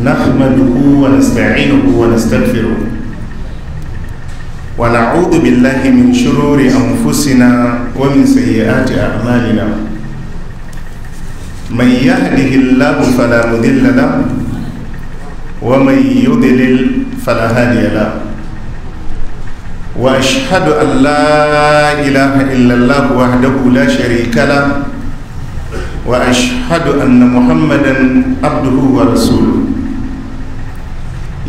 نحمده ونستعينه ونستغفره ونعوذ بالله من شرور أنفسنا ومن سيئات أعمالنا من يهده الله فلا مضل له ومن يضلل فلا هادي له واشهد ان لا اله الا الله وحده لا شريك له واشهد ان محمدا عبده ورسوله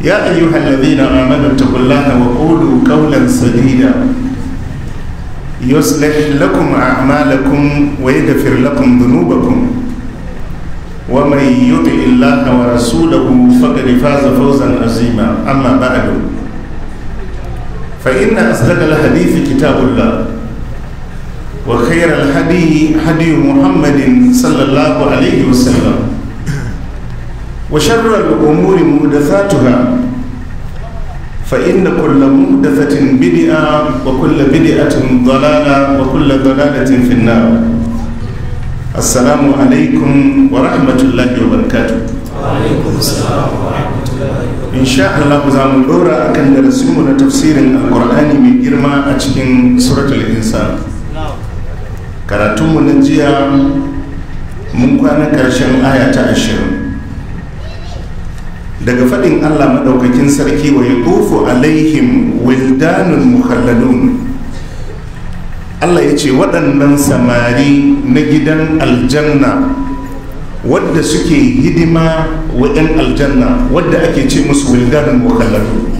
يا أيها الذين آمنوا اتقوا الله وقولوا قولا سديدا يصلح لكم أعمالكم ويغفر لكم ذنوبكم ومن يطع الله ورسوله فقد فاز فوزا عظيما أما بعد فإن أصدق الحديث كتاب الله وخير الهدي هدي محمد صلى الله عليه وسلم وشر الأمور محدثاتها فإن كل محدثة بدعة وكل بدعة ضلالة وكل ضلالة في النار السلام عليكم ورحمة الله وبركاته وعليكم السلام ورحمة الله وبركاته إن شاء الله za mu dora akan darasinmu na tafsirin alkur'ani mai girma a cikin suratul insan karatunmu na jiya mun kwana karshen aya ta ashirin daga faɗin allah maɗaukakin sarki wa yutufu alaihim wildanun mukhalladun allah ya ce waɗannan samari na gidan aljanna wadda suke hidima wa 'yan aljanna wadda ake ce musu wildanun mukhalladun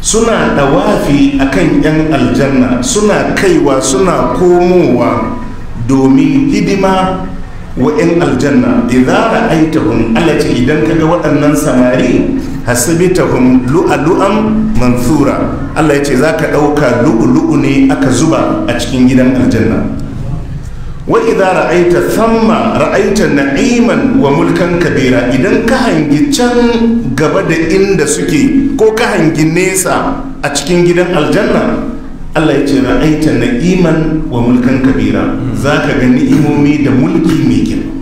suna ɗawafi akan 'yan aljanna suna kaiwa suna komowa domin hidima wa in aljanna idza ra'aitahum Allah idan kaga waɗannan samari hasibitahum lu'lu'an mansura Allah ya ce zaka dauka lu'lu'u ne aka zuba a cikin gidan aljanna wa idza ra'aita thamma ra'aita na'iman wa mulkan kabira idan ka hangi can gaba da inda suke ko ka hangi nesa a cikin gidan aljanna Allah ya ce ra'aita iman wa mulkan kabira za ka ga ni'imomi da mulki mai girma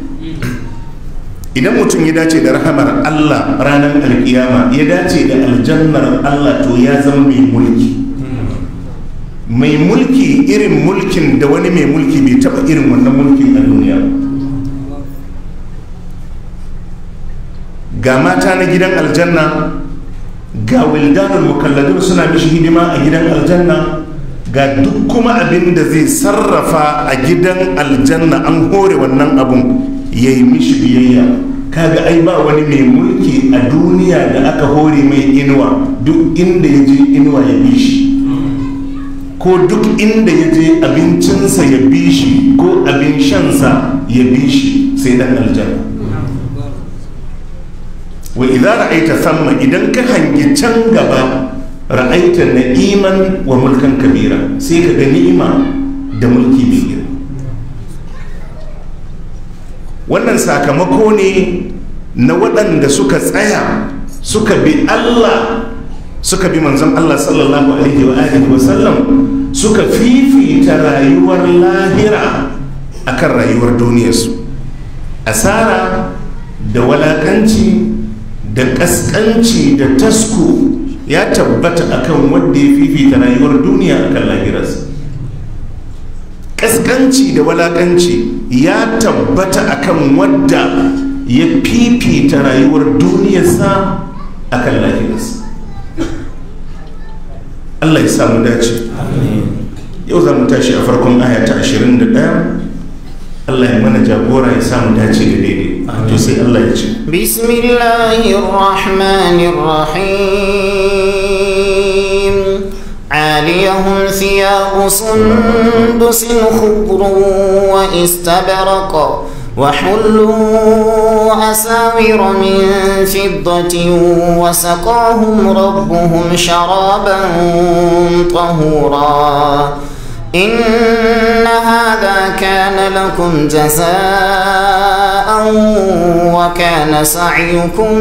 idan mutum ya dace da rahamar Allah ranar alkiyama ya dace da aljannar Allah to ya zama mai mulki mai mulki irin mulkin da wani mai mulki bai taba irin wannan mulkin a duniya ga mata na gidan aljanna ga wildanul mukalladun suna mishi hidima a gidan aljanna ga duk kuma abin da zai sarrafa a gidan aljanna an hore wannan abun ya yi mishi biyayya ka ga ai ba wani mai mulki a duniya da aka hore mai inuwa duk inda ya je inuwa ya bi shi ko duk inda ya je abincinsa ya bi shi ko abin shansa ya bi shi sai dan aljanna wa samma idan ka hangi can gaba ra'aita na'iman wa mulkan kabira sai ka ga ni'ima da mulki mai girma wannan sakamako ne na waɗanda suka tsaya suka bi Allah suka bi manzon Allah sallallahu alaihi wa alihi wa sallam suka fifita rayuwar lahira akan rayuwar duniyarsu asara da walakanci da ƙasƙanci da tasku ya tabbata akan wadda ya fifita rayuwar duniya akan lahirarsa ƙasƙanci da walaƙanci ya tabbata akan wadda ya fifita rayuwar duniyarsa akan lahirarsa Allah ya samu dace yau za mu tashi a farkon aya ta 21 Allah ya mana jagora ya samu dace da daidai بسم الله الرحمن الرحيم ce عاليهم ثياب سندس خضر واستبرق وحلوا أساور من فضة وسقاهم ربهم شرابا طهورا إن هذا كان لكم جزاء وكان سعيكم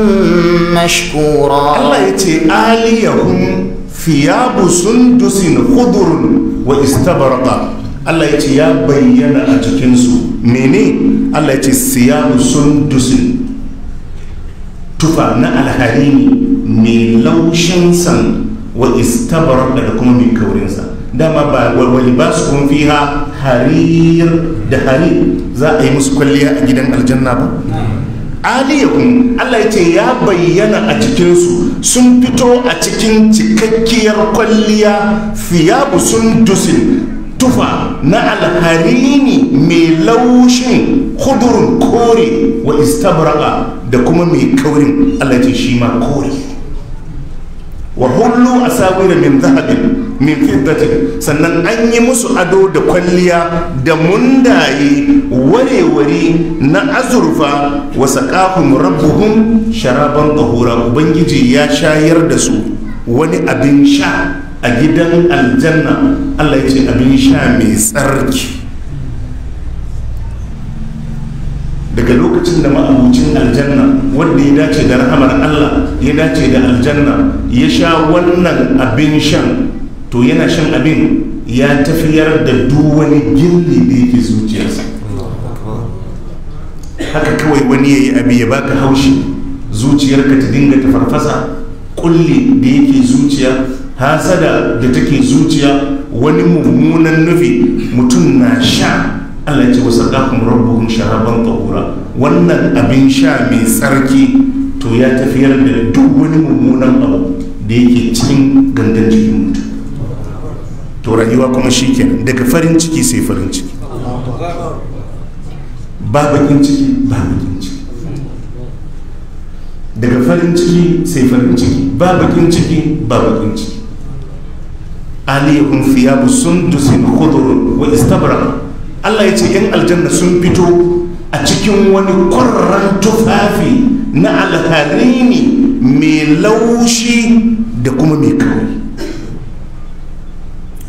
مشكورا الله يتي آليهم ثياب سندس خضر واستبرق Allah ya ce ya bayyana a jikinsu mene Allah ya ce siyamu sundusin tufa na alharini mai laushin san wa istabar da kuma mai kaurinsa dama ba walwali ba su kun fiha harir da harir za a yi musu kwalliya a gidan aljanna ba kun Allah ya ce ya bayyana a cikinsu sun fito a cikin cikakkiyar kwalliya fiyabu sun dusin tufa na alharini mai laushin kudurin kore wa istabraka da kuma mai kaurin Allah ce shi ma kore wa hullu a sabira min zahabin min fiddatin sannan an yi musu ado da kwalliya da mundaye warewari na azurfa wa saqahum rabbuhum sharaban tahura ubangiji ya shayar da su wani abin sha a gidan aljanna Allah ya ce abin sha mai tsarki daga lokacin da ma'abucin aljanna wanda ya dace da rahamar Allah ya dace da aljanna ya sha wannan abin shan to yana shan abin ya tafiyar da duk wani gilli da yake zuciyarsa haka kawai wani ya yi abi ya baka haushi zuciyarka ta dinga ta farfasa kulli da yake zuciya hasada da take zuciya wani mummunan nufi mutum na sha Allah ce wasu ɗakun rabbun sharaban tahura wannan abin sha mai tsarki to ya tafiyar da duk wani mummunan abu da yake cikin gangan jikin mutum to rayuwa kuma shi kenan daga farin ciki sai farin ciki ba bakin ciki ba bakin ciki daga farin ciki sai farin ciki ba bakin ciki ba bakin ciki aliyahun sun dusin khudurun wa istabra Allah ya ce yan aljanna sun fito a cikin wani kurran tufafi na alhari ne mai laushi da kuma mai kawai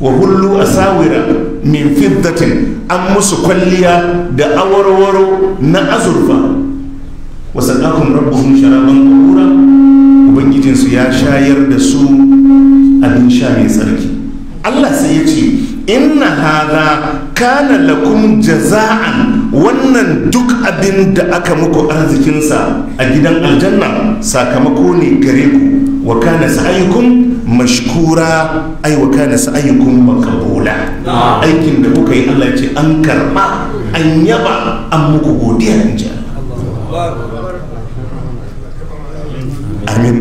wa hullu asawira min fiddatin an musu kwalliya da awarwaro na azurfa sadakun rabbuhum sharaban ƙura ubangijinsu ya shayar da su abin sha mai tsarki allah sai ya ce inna hada kana lakum jaza'an wannan duk abin da aka muku arzikinsa a gidan aljanna sakamako ne gare ku wa kana sa'ayukum mashkura ai wa kana sa'ayukum maqbula aikin da kuka yi Allah ce an karba an yaba an muku godiya in ji amin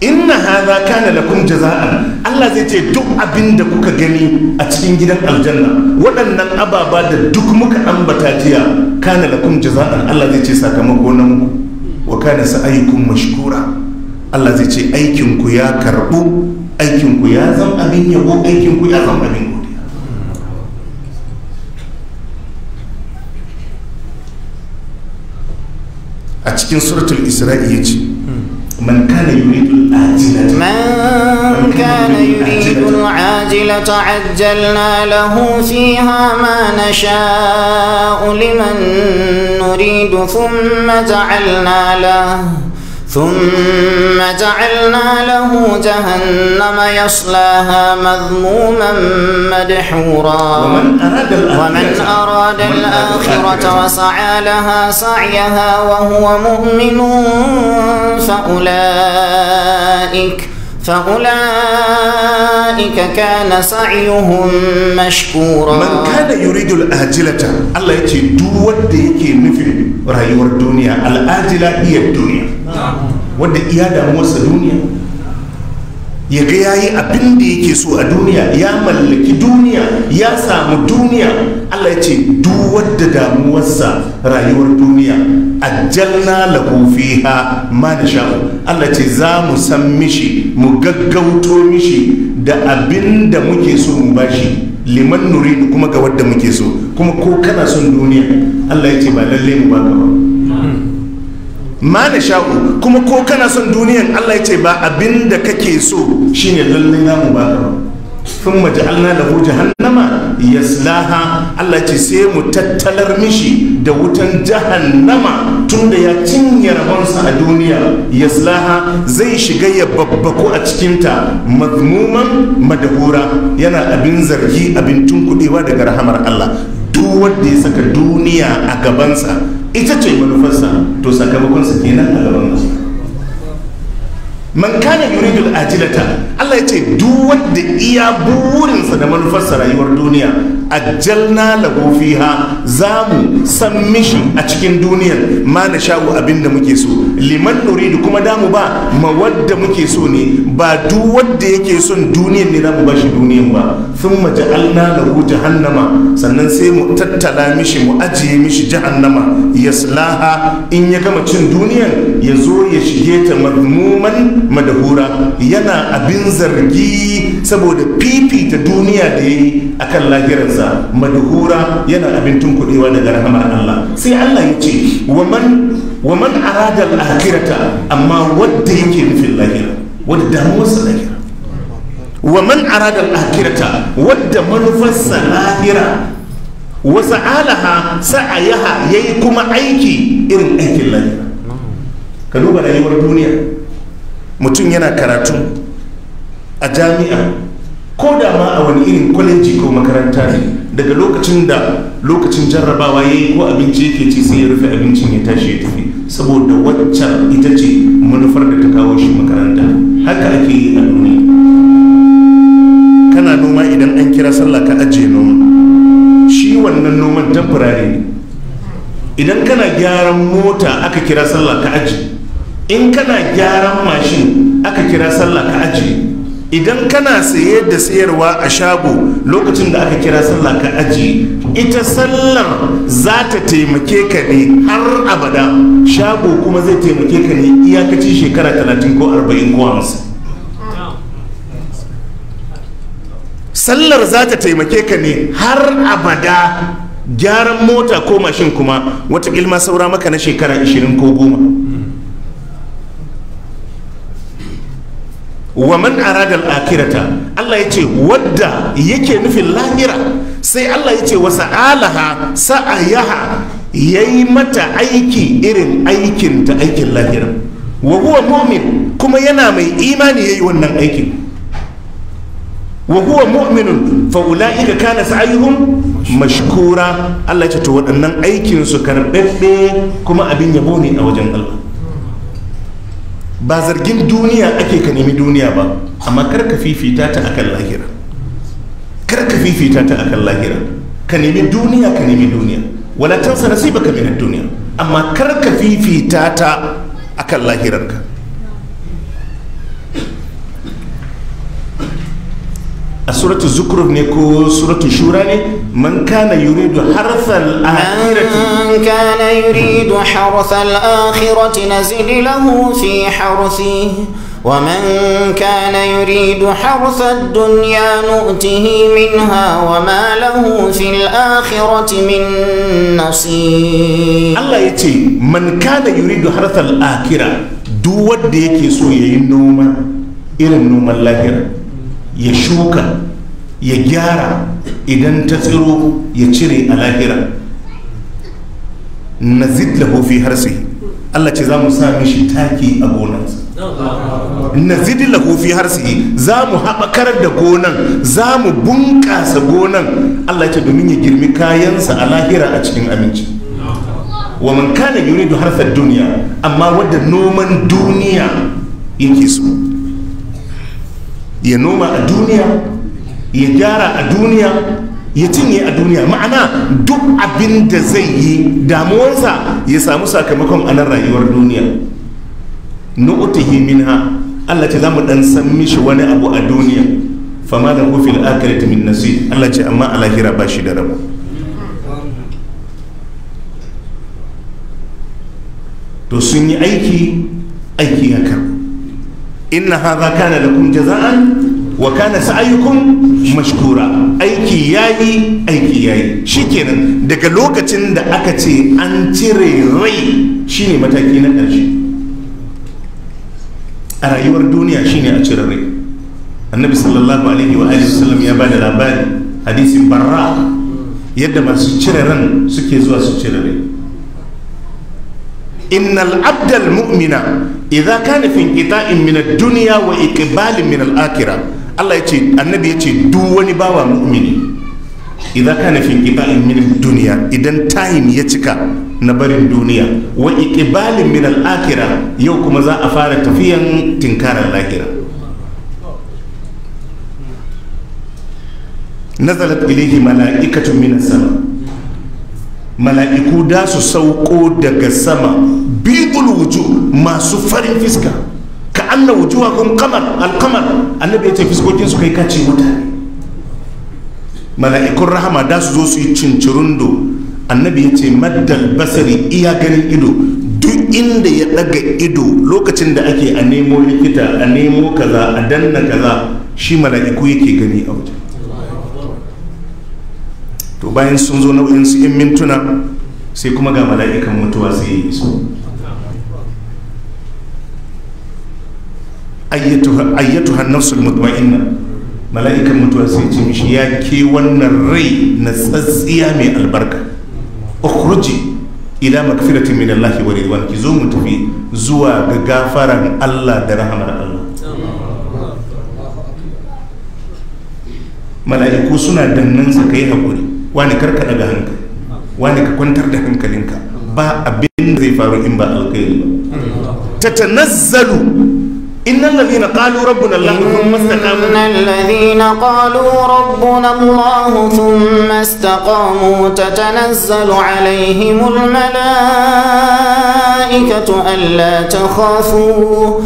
inna haza kana lakum jaza'an Allah zai ce duk abin da kuka gani a cikin gidan aljanna waɗannan ababa da duk muka ambata jiya kana lakum jaza'an Allah zai ce sakamako na muku wa kana sa'ayukum mashkura Allah zai ce aikinku ya karɓu aikinku ya zan abin yabo aikinku ya zan abin godiya a cikin suratul isra'i ya ce من كان يريد العاجلة من كان يريد العاجلة عجلنا له فيها ما نشاء لمن نريد ثم جعلنا له ثم جعلنا له جهنم يصلاها مذموما مدحورا ومن أراد الآخرة وسعى لها سعيها وهو مؤمن فأولئك فأولئك كان سعيهم مشكورا من كان يريد الآجلة الله يتي دو ود يكي نفي رايور الدنيا الآجلة هي الدنيا ود إيادة موسى الدنيا ya ga yayi abin da yake so a duniya ya mallaki duniya ya samu duniya Allah ya ce duk damuwarsa rayuwar duniya ajalna lahu fiha ma Allah ya ce za mu san mishi mu gaggauto mishi da abin da muke so mu bashi liman nuri kuma ga wadda muke so kuma ko kana son duniya Allah ya ce ba lalle mu baka ba ma na sha'u kuma ko kana son duniyan Allah ya ce ba abin da kake so shine lalle na mu baka ba sun maja'alna da jahannama yaslaha Allah ce sai mu tattalar mishi da wutan jahannama tunda ya cinye rabonsa a duniya yaslaha zai shiga ya babbaku a cikinta mazmuman madahura yana abin zargi abin tunkuɗewa daga rahamar Allah duk wanda ya saka duniya a gabansa ita ce manufarsa to sakamakonsa kenan a gaban man kana yuridul ajilata Allah ya ce duk wanda iya burinsa da manufarsa rayuwar duniya ajalna lahu fiha zamu san mishi a cikin duniyar ma na sha'u da muke so liman nuridu kuma damu ba ma wadda muke so ne ba duk wanda yake son duniyan ne za zamu bashi duniyan ba sun mace alna da lahu hannama sannan sai mu tattala mishi mu ajiye mishi jahannama yaslaha in ya gama cin duniyan ya zo ya shige ta madmuman madahura yana abin zargi saboda fifita duniya da a kan lagiransa madahura yana abin tunkuɗewa daga rahamar Allah sai Allah ya ce wa man wa man arada al-akhirata amma wadda yake nufin lahira wanda damuwarsa lahira wa man arada al-akhirata wanda manufarsa lahira wa sa'alaha sa'ayaha yayi kuma aiki irin aikin lahira ka duba rayuwar duniya mutum yana karatu a jami'a ko da ma a wani irin kwaleji ko makaranta ne daga lokacin da lokacin jarrabawa ya yi ko abinci yake ci sai ya rufe abincin ya tashi ya tafi saboda waccan ita ce manufar da ta kawo shi makaranta haka ake yi a duniya kana noma idan an kira sallah ka ajiye noma shi wannan noman tamfurare ne idan kana gyaran mota aka kira sallah ka ajiye in kana gyaran mashin aka kira sallah ka ajiye idan kana saye da sayarwa a shago lokacin da aka kira sallah ka ajiye ita sallar za ta taimake ka ne har abada shago kuma zai taimake ka ne iyakacin shekara 30 ko 40 ko hamsin. sallar za ta taimake ka ne har abada gyaran mota ko mashin kuma wata saura maka na shekara 20 ko 10 wa man aradal akirata Allah ya ce wadda yake nufin lahira sai allah ya ce wasa alaha sa'ayaha ya yi mata aiki irin aikin ta aikin lahira wa huwa mu'min kuma yana mai imani ya yi wannan aikin wa huwa mu'minun fa ula'ika kana sa'ayuhum mashkura allah ya ce to waɗannan aikin su karɓaɓɓe kuma abin yabo ne a wajen allah ba zargin duniya ake ka nemi duniya ba amma kar fifita ta akan lahira kar ka fifita ta akan lahira ka nemi duniya ka nemi duniya wala tansa nasibaka min duniya amma kar ka fifita ta akan lahirarka a suratu zukruf ne ko suratu shura ne man kana yuridu harfal akhirati man kana yuridu harfal akhirati nazid lahu fi harfihi wa كان يريد حرث الدنيا نؤته منها وما له في الآخرة من نصيب الله يتي من كان يريد حرث الآخرة دو ود يكي سو يي irin noman lahira ya shuka ya gyara idan ta tsiro ya cire a lahira na zidlahu fi harsi Allah ce za mu sa mishi taki a gonansa nazidi lahu fi harsihi za mu haɓakar da gonan za mu bunƙasa gonan Allah ce domin ya girmi kayansa a lahira a cikin aminci wa man kana yuridu harsa duniya amma wadda noman duniya yake so ya noma a duniya ya gyara a duniya ya cinye a duniya ma'ana duk abin da zai yi damuwarsa ya samu sakamakon anan rayuwar duniya nu'tihi minha Allah ce zamu dan san mishi wani abu a duniya fa ma da fil akhirati min nasib Allah ce amma alahira ba shi da rabo to sun yi aiki aiki ya inna hadha kana lakum jaza'an wa kana sa'ayukum mashkura aiki yayi aiki yayi shikenan daga lokacin da aka ce an cire rai shine mataki na ƙarshe a rayuwar duniya shine a cire rai annabi sallallahu alaihi wa alihi wasallam ya bada labari hadisin barra yadda masu cire ran suke zuwa su cire rai innal abdal mu'mina idza kana fi qita'in min ad-dunya wa iqbal min al-akhirah Allah yace annabi yace ce duk wani bawa mu'mini idan kana fi qita'in min ad-dunya idan time ya cika na barin duniya wa iqbalin min al yau kuma za a fara tafiyan tinkarar lahira nazalat ilayhi mala'ikatu min sama mala'iku da su sauko daga sama bidul wuju masu farin fiska ka anna wujuhakum qamar al-qamar annabi ya ce fiskokin su kai kace mutane mala'ikun rahama da su zo su yi cincirundo annabi ya ce maddal basari iya ganin ido duk inda ya daga ido lokacin da ake a nemo likita a nemo kaza a danna kaza shi mala'iku yake gani a wajen to bayan sun zo nau'in su in mintuna sai kuma ga mala'ikan mutuwa sai yi iso ayyatu hannafsul mutma'inna mala'ikan mutuwa sai ce mishi ya ke wannan rai na tsatsiya mai albarka ukhruji ila magfiratin min Allah wa ridwan ki zo mu tafi zuwa ga gafaran Allah da rahamar Allah mala'iku suna dannan ka kai hakuri wani karka daga hankali wani ka kwantar da hankalinka ba abin da zai faru in ba alkhairi ba tatanazzalu إن الذين قالوا ربنا الله ثم استقاموا إن الذين قالوا ربنا الله ثم استقاموا تتنزل عليهم الملائكة ألا تخافوا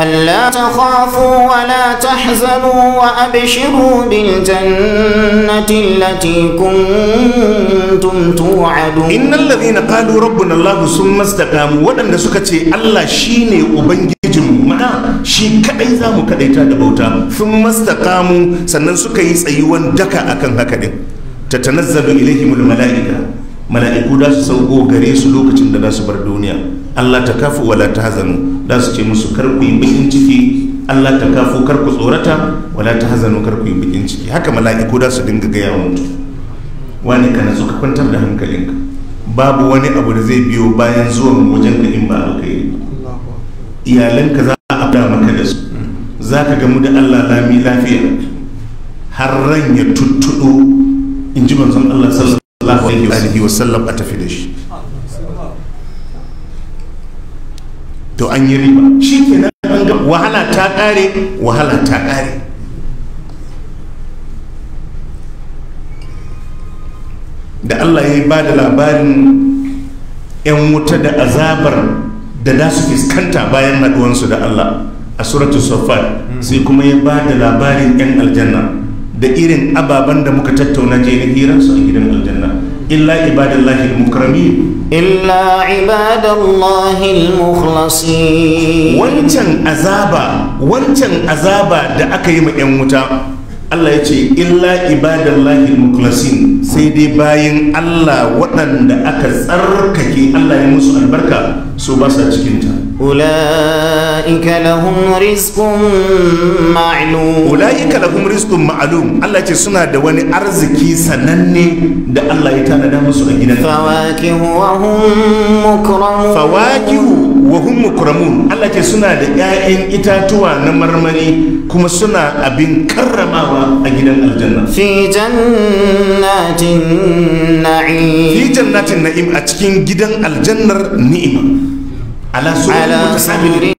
ألا تخافوا ولا تحزنوا وأبشروا بالجنة التي كنتم توعدون إن الذين قالوا ربنا الله ثم استقاموا ودن سكتي الله شيني وبنجي mana shi kadai za mu kadaita da bauta sun mastaqamu sannan suka yi tsayuwan daka akan haka din tatanazzalu ilaihimul mala'ika mala'iku da su sauko gare su lokacin da za su bar duniya Allah ta kafu wala ta hazanu da su ce musu karku yi bikin ciki Allah ta kafu karku tsorata wala ta hazanu karku yi bakin ciki haka mala'iku da su dinga gaya wa mutu wani ka nazo ka kwantar da hankalinka babu wani abu da zai biyo bayan zuwan wajen ka in ba alkhairi iyalanka za haɗa maka da su za ka gamu da allah lami lafiya har ran ya tuttuɗo in ji manzon allah sallallahu alaihi wa sallam a tafi da shi to an yi riba shi kenan an ga wahala ta ƙare wahala ta ƙare da allah ya ba da labarin 'yan wuta da azabar da da su fiskanta bayan haɗuwansu da Allah a suratu safar sai kuma ya ba da labarin 'yan aljanna da irin ababen da muka tattauna je na su a gidan aljanna illa ibadallahi al-mukramin illa ibadallahi al wancan azaba da aka yi ma 'yan wuta Allah ya ce illa ibadallahi muklasin sai dai bayan Allah waɗanda aka tsarkake Allah ya musu albarka su ba sa cikinta ula'ika lahum rizqun ma'lum ula'ika lahum rizqun ma'lum Allah ce suna da wani arziki sananne da Allah ya tanada musu a gidan fawakihu wa hum mukramun fawakihu wahun Mukuramun Allah ce suna da 'ya'yan itatuwa na marmari kuma suna abin karramawa a gidan aljanna fi jannatin na'im fi jannatin na'im a cikin gidan aljannar ni'ima ala sururin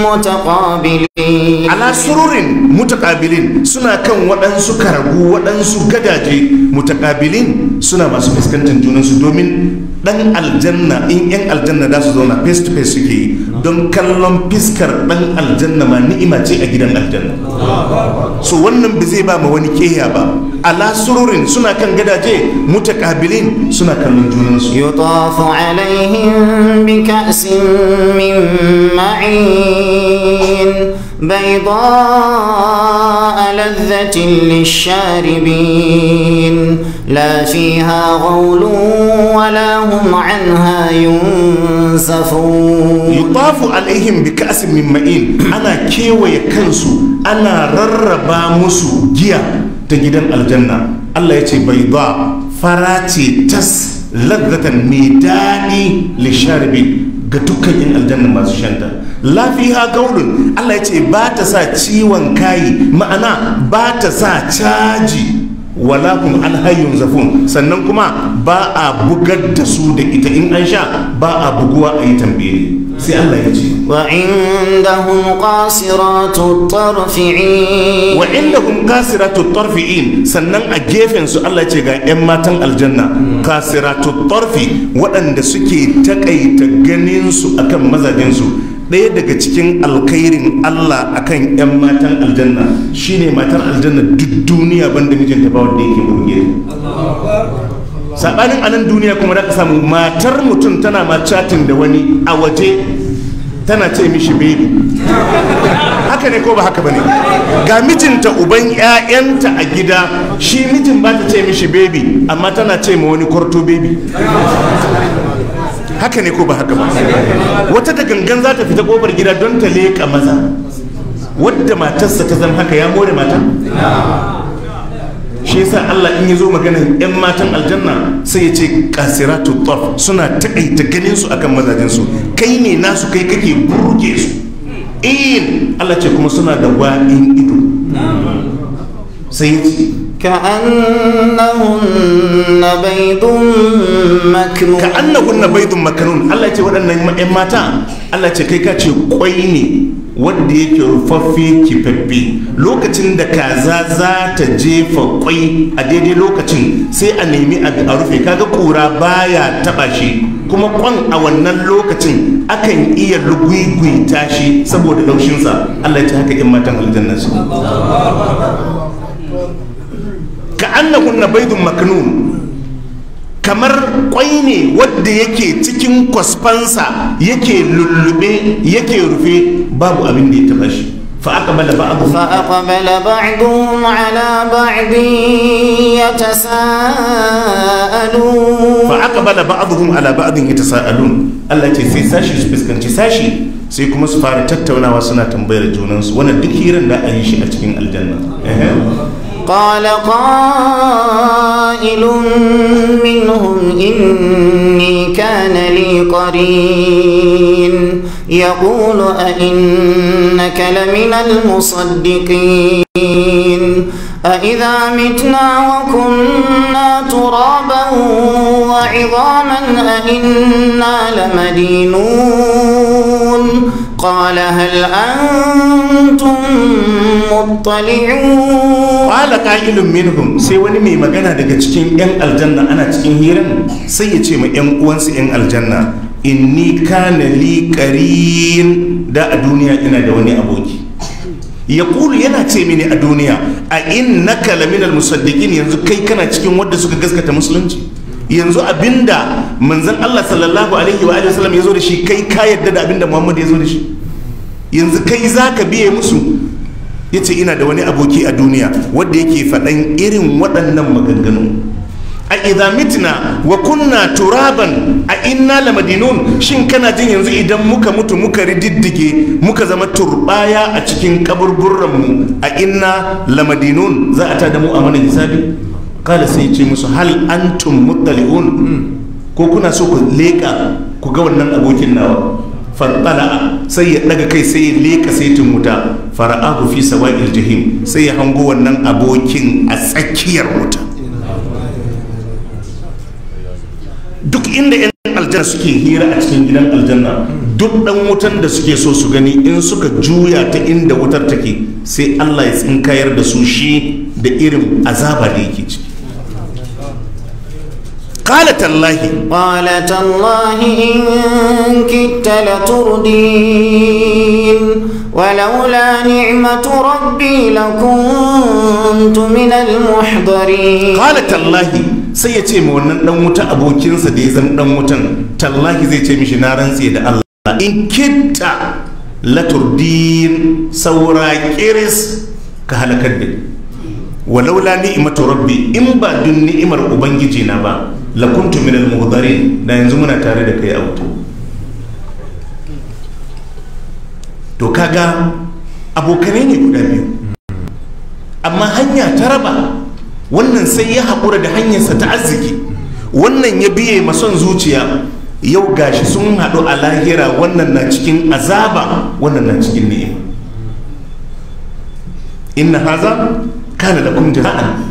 mutaqabilin ala sururin mutaqabilin suna kan waɗansu karagu waɗansu gadaje mutaqabilin suna masu fuskantar junansu domin Ɗan aljanna in yan aljanna za su zauna face to face suke don kallon fiskar ɗan aljanna ma ni'ima ce a gidan aljanna so wannan ba zai ba ma wani keya ba ala sururin suna kan gadaje kabilin suna kallon junansu yutafu alaihim bi ka'sin min ma'in بيضاء لذة للشاربين لا فيها غول ولا هم عنها ينزفون يطاف عليهم بكأس من معين أنا كيوي كنسو أنا رربا مسو جيا تجدن الجنة الله يتي بيضاء فراتي تس لذة ميداني للشاربين ga dukkan الجنة ما زشانتا lafiha gaurin allah ya ce ba ta sa ciwon kayi ma'ana ba ta sa caji walakun kuma alhayyun zafun sannan kuma ba a bugar da su da ita in an sha ba a buguwa a yi tambaye sai allah ya ce wa indahum qasiratu tarfi'in wa indahum qasiratu tarfi'in sannan a gefen su allah ya ce ga yan matan aljanna qasiratu tarfi waɗanda suke takaita ganin su akan mazajen su ɗaya daga cikin alkhairin Allah akan 'yan matan aljanna shine matar aljanna duk duniya banda mijinta ba wanda yake burge sabanin anan duniya kuma da samu matar mutum tana ma chatin da wani a waje tana ce mishi baby haka ne ko ba haka bane ga mijinta uban 'ya'yanta a gida shi mijin ba ta ce mishi baby amma tana ce ma wani kwarto baby haka ne ko ba haka ba wata da gangan za ta fita kofar gida don ta leƙa maza wadda matarsa ta zama haka ya more mata shi yasa Allah in ya zo maganin yan matan aljanna sai ya ce qasiratu taf suna taƙaita ganin su akan mazajen su kai ne nasu kai kake burge su in Allah ce kuma suna da wa'in ido sai كأنهن بيض مكنون كأنهن بيض مكنون الله يتي ودنن ƴan mata Allah ce kai ka ce kwai ne wanda yake rufaffe kifaffe lokacin da kaza za ta jefa kwai a daidai lokacin sai a nemi a rufe kaga kura baya taba shi kuma kwan a wannan lokacin akan iya lugwigwita shi saboda laushinsa Allah ya ce haka ƴan matan aljanna su ka kunna baidun maknun kamar kwai ne wadda yake cikin kwasfansa yake lullube yake rufe babu abin da ya taba shi فأقبل بعضهم فأقبل بعضهم على بعض يتساءلون فأقبل بعضهم على بعض يتساءلون التي في ساشي سبسكن ساشي sai kuma su fara tattaunawa suna tambayar junansu wanda duk hiran da a yi shi a cikin aljanna قال قائل منهم إني كان لي قرين يقول أئنك لمن المصدقين أإذا متنا وكنا ترابا وعظاما أئنا لمدينون قال هل أنتم مطلعون قال قائل منهم سي wani mai magana daga cikin yan aljanna ana cikin hiran sai ya ce ma yan uwansu yan aljanna inni kana li qarin da a duniya ina da wani aboki ya kulu yana ce mini a duniya a innaka laminal musaddiqin yanzu kai kana cikin wadda suka gaskata musulunci yanzu abinda manzan Allah sallallahu alaihi wa alihi wasallam ya zo da shi kai ka yadda da abinda Muhammad ya zo da shi yanzu kai za ka biye musu ya ce ina da wani aboki a duniya wadda yake faɗan irin waɗannan maganganu a idamitina wa kunna turaban a inna madinun shin kana jin yanzu idan muka mutu muka rididdige muka zama turbaya a cikin mu a inna madinun za a da mu a mana hisabi kala sai ce musu hal antum muttali'un ko kuna so ku leka ku ga wannan abokin nawa fantala sai ya daga kai sai ya leka saitin wuta fara'ahu fi sawa'il jahim sai ya hango wannan abokin a tsakiyar wuta duk inda yan aljanna suke hira a cikin gidan aljanna duk dan wutan da suke so su gani in suka juya ta inda wutar take sai Allah ya tsinkayar da su shi da irin azaba da yake ciki قال تالله قال تالله إن كدت لتردين ولولا نعمة ربي لكنت من المحضرين قال تالله سيتي من نموت أبو ابوكينسا دي زن نموت تالله زي تي مشي نارن سيد الله إن كدت لتردين سورا كيرس كهلكت walau la ni'imatu rabbi in ba dun ni'imar ubangiji na lakuntu min al-muhdari da yanzu muna tare da kai a wuta to kaga abokanai ne guda biyu amma hanya ta raba wannan sai ya haƙura da hanyarsa ta arziki wannan ya biye mason zuciya yau gashi sun haɗu a lahira wannan na cikin azaba wannan na cikin ni'ima inna haza kana da kun jaza'an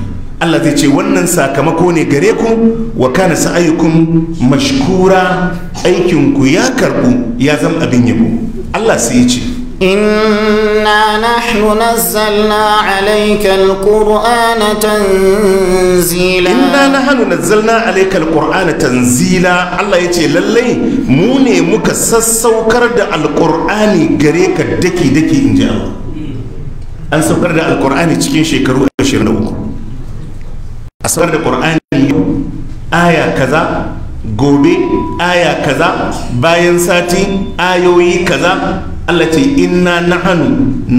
Allah zai ce wannan sakamako ne gare ku wa kana sa'ayukum mashkura aikin ku ya karbu ya zama abin yabo Allah sai ya ce inna nahnu nazzalna alayka alqur'ana tanzila inna nahnu nazzalna alayka alqur'ana tanzila Allah ya ce lallai mu ne muka sassaukar da alqur'ani gare ka daki daki inji Allah an saukar da alqur'ani cikin shekaru 23 saukar da qur'ani aya kaza gobe aya kaza bayan sati ayoyi kaza Allah ce inna nahanu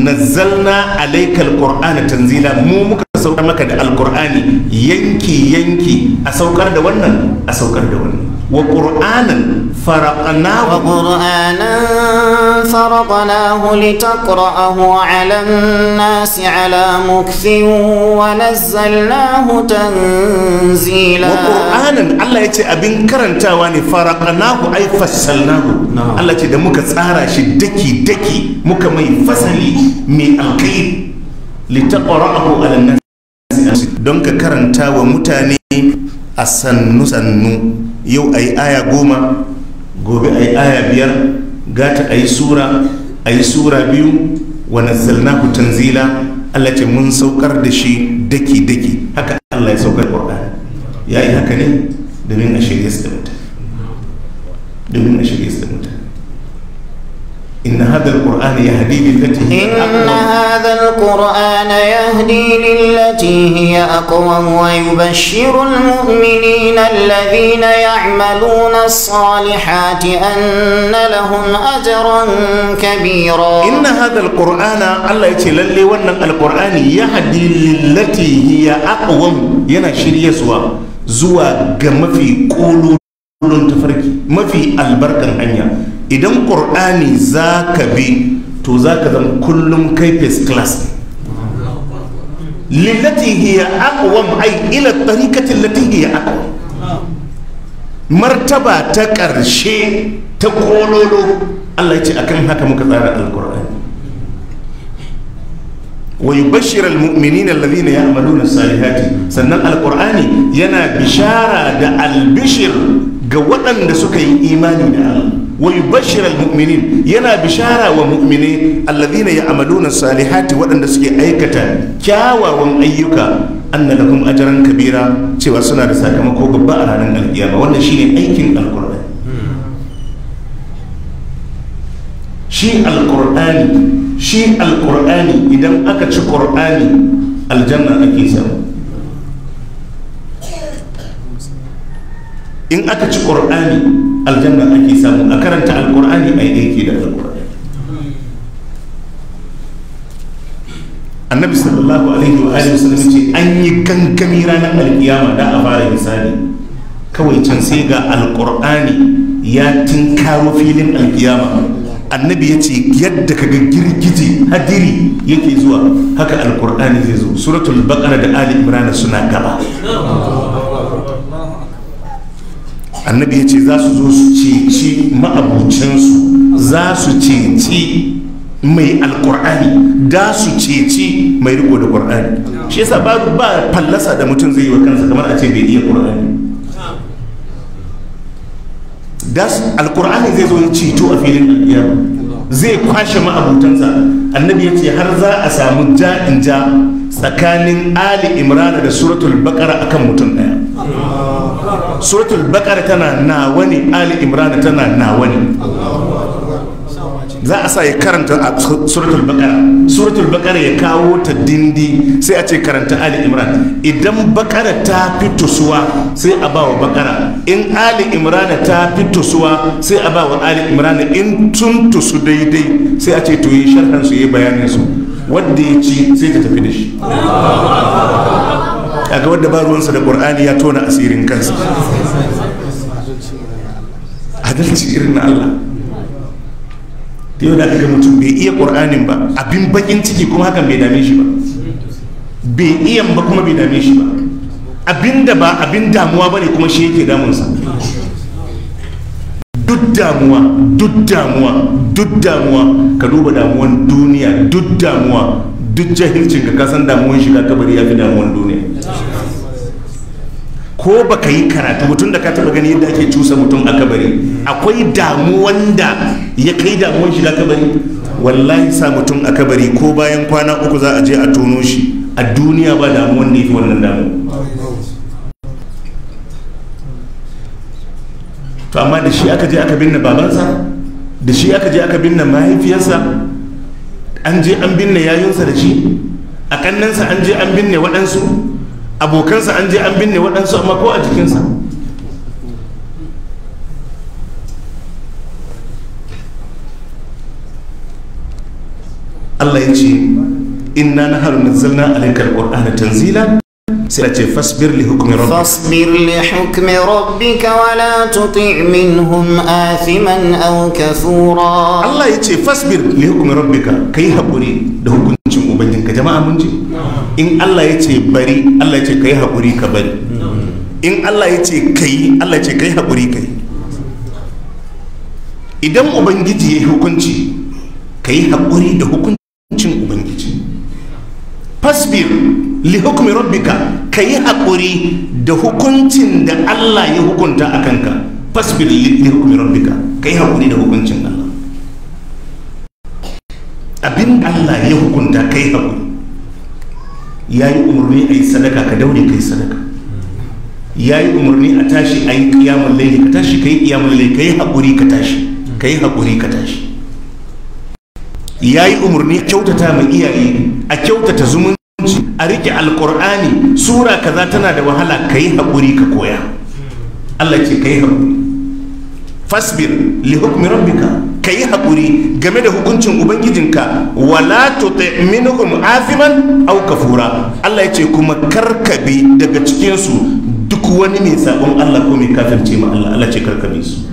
nazzalna alaikal qur'ana tanzila mu muka saukar maka da alqur'ani yanki yanki a saukar da wannan a saukar da wannan wa qur'anan faraqnahu wa qur'anan faraqnahu li taqra'ahu 'ala an-nasi 'ala wa nazzalnahu tanzila wa qur'anan Allah yace abin karantawa ne faraqnahu ay fasalnahu Allah yace da muka tsara shi daki daki muka mai fasali mai alqayyim li taqra'ahu don ka karantawa mutane a sannu sannu yau a yi aya goma gobe a yi aya biyar gata a yi sura a yi sura biyu zalna ku tanzila Allah ce mun saukar da shi daki daki haka Allah ya saukar ƙwarɗa ya yi haka ne domin a shirya su da mutane domin a shirya su da mutane إن هذا القرآن يهدي للتي هي أقوم إن هذا القرآن يهدي للتي هي أقوم ويبشر المؤمنين الذين يعملون الصالحات أن لهم أجرا كبيرا إن هذا القرآن الله يتللي وأن القرآن يهدي للتي هي أقوم ينا شريا سوا زوا جمفي قولون تفرقي ما في البركة عنيا idan ƙur'ani za ka bi to za ka zama kullum kai first class ne lillati hiya akwam ai ila tariqati lati hiya akwam martaba ta ƙarshe ta kololo Allah ya ce akan haka muka tsara alƙur'ani wa yubashshira almu'minina alladhina ya'maluna salihati sannan alqur'ani yana bishara da albishir ga waɗanda suka yi imani da Allah wai yubashshira almu'minin yana bishara wa mu'mini alladhina ya'maluna salihati waɗanda suke aikata kyawawan ayyuka anna lahum ajran kabira cewa suna da sakamako babba a ranar alkiyama wannan shine aikin alqur'ani idan aka ci qur'ani aljanna ake samu in aljanna ake samu a karanta alkur'ani a aiki da alkur'ani annabi sallallahu alaihi wa alihi wasallam ce an yi gangami ranar alkiyama da a fara misali kawai can sai ga alkur'ani ya tinkaro filin alkiyama annabi ya ce yadda kaga girgije hadiri yake zuwa haka alkur'ani zai zo suratul baqara da ali imran suna gaba annabi ya ce za su zo su ceci ma'abucinsu za su ceci mai alkur'ani da su ceci mai riko da kur'ani shi yasa ba ba fallasa da mutum zai yi wa kansa kamar a ce bai iya kur'ani da alkur'ani zai zo ya ceto a filin alkiyama zai kwashe ma'abutansa annabi ya ce har za a samu ja'in ja tsakanin ali imrana da suratul bakara akan mutum daya suratul bakar tana nawa ne ali imran tana nawa ne za a sa ya karanta a suratul bakara suratul bakara ya kawo ta dindi sai a ce karanta ali imran idan bakara ta fito suwa sai a bawa bakara in ali imran ta fito suwa sai a bawa ali imran in tun tusu daidai sai a ce to yi sharhan su yi bayanin su wanda ya ci sai ta tafi da shi kaga wanda ba ruwansa da qur'ani ya tona asirin kansa adalci irin na Allah yau da aka mutum bai iya qur'anin ba abin bakin ciki kuma hakan bai dame shi ba bai iya ba kuma bai dame shi ba abin da ba abin damuwa ne kuma shi yake damunsa duk damuwa duk damuwa duk damuwa ka duba damuwan duniya duk damuwa duk jahilcin ka kasan damuwan shiga kabari ya fi damuwan duniya ko baka yi karatu mutum da ka taba gani yadda ake cusa mutum a kabari akwai damuwan da ya kai damuwan shiga kabari wallahi sa mutum a kabari ko bayan kwana uku za a je a tono shi a duniya ba damuwan da ya fi wannan damu to amma da shi aka je aka binne babansa da shi aka je aka binne mahaifiyarsa an je an binne yayunsa da shi a kannansa an je an binne waɗansu abokansa an je an binne waɗansu amma ko a jikinsa Allah ya ce inna na haru nazzalna alaikal qur'ana tanzila سلتي فاصبر لحكم ربك فاصبر لحكم ربك ولا تطع منهم آثما أو كفورا الله يتي فاصبر لحكم ربك كي هبوري ده hukuncin ubangijinka jama'a mun ji in Allah yace bari Allah yace kai hakuri ka bari in Allah yace kai Allah yace kai hakuri kai idan ubangiji yayi hukunci kai hakuri da hukuncin ubangiji fasbir li hukmi rabbika yi haƙuri da hukuncin da Allah ya hukunta a kanka fasbir li hukmi rabbika yi haƙuri da hukuncin Allah abin Allah ya hukunta ka yi haƙuri ya yi umarni a yi sadaka ka daure ka yi sadaka ya yi umarni a tashi a yi ƙiyamun laili ka tashi ka yi ƙiyamun laili ka yi haƙuri ka tashi ka yi haƙuri ka tashi ya yi umarni kyautata mai iyaye a kyautata zumunci musulunci a rike alkur'ani sura kaza tana da wahala ka yi haƙuri ka koya allah ce ka yi haƙuri fasbir li hukmi rabbika ka yi haƙuri game da hukuncin ubangijinka wala tuti minhum afiman aw kafura allah ya ce kuma karkabe daga cikinsu duk wani mai sabon allah ko mai kafirce ma allah allah ce karkabe su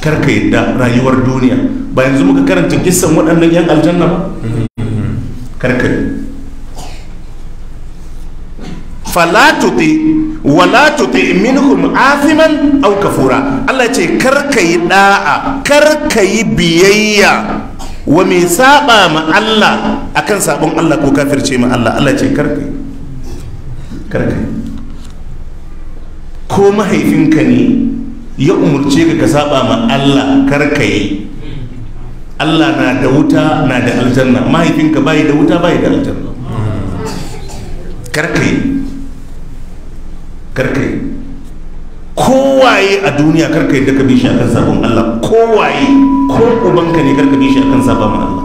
karka yadda rayuwar duniya ba yanzu muka karanta kisan waɗannan 'yan aljanna ba karka fala tuti wala tuti minhum afiman aw kafura Allah ce kar ka yi da'a kar ka yi biyayya wa mai saba ma Allah akan sabon Allah ko kafirce ma Allah Allah ce kar ka yi kar ko mahaifinka ne ya umurce ka ka saba ma Allah kar ka yi Allah na da wuta na da aljanna mahaifinka bai da wuta bai da aljanna kar ka yi karkai kowaye a duniya karkai da kabi bi shi akan sabon Allah kowaye ko ubanka ne karka bi shi akan sabon Allah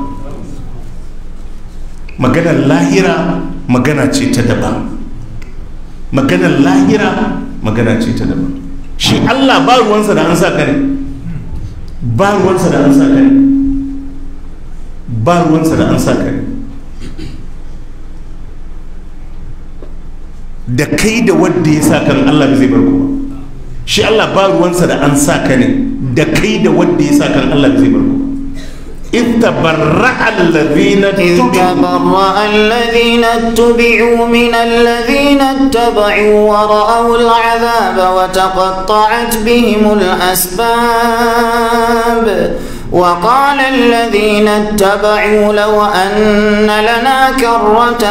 magana lahira magana ce ta daban magana lahira magana ce ta daban shi Allah ba ruwansa da an sa kare ba ruwansa da an sa kare ba ruwansa da an sa kare da kai da wanda ya saka kan Allah bai zai bar ku ba shi Allah ba ruwansa da an saka ne da kai da wanda ya saka kan Allah ba zai bar ku إذ تبرأ الذين تبرأ الذين اتبعوا من الذين اتبعوا ورأوا العذاب وتقطعت بهم الأسباب وقال الذين اتبعوا لو أن لنا كرة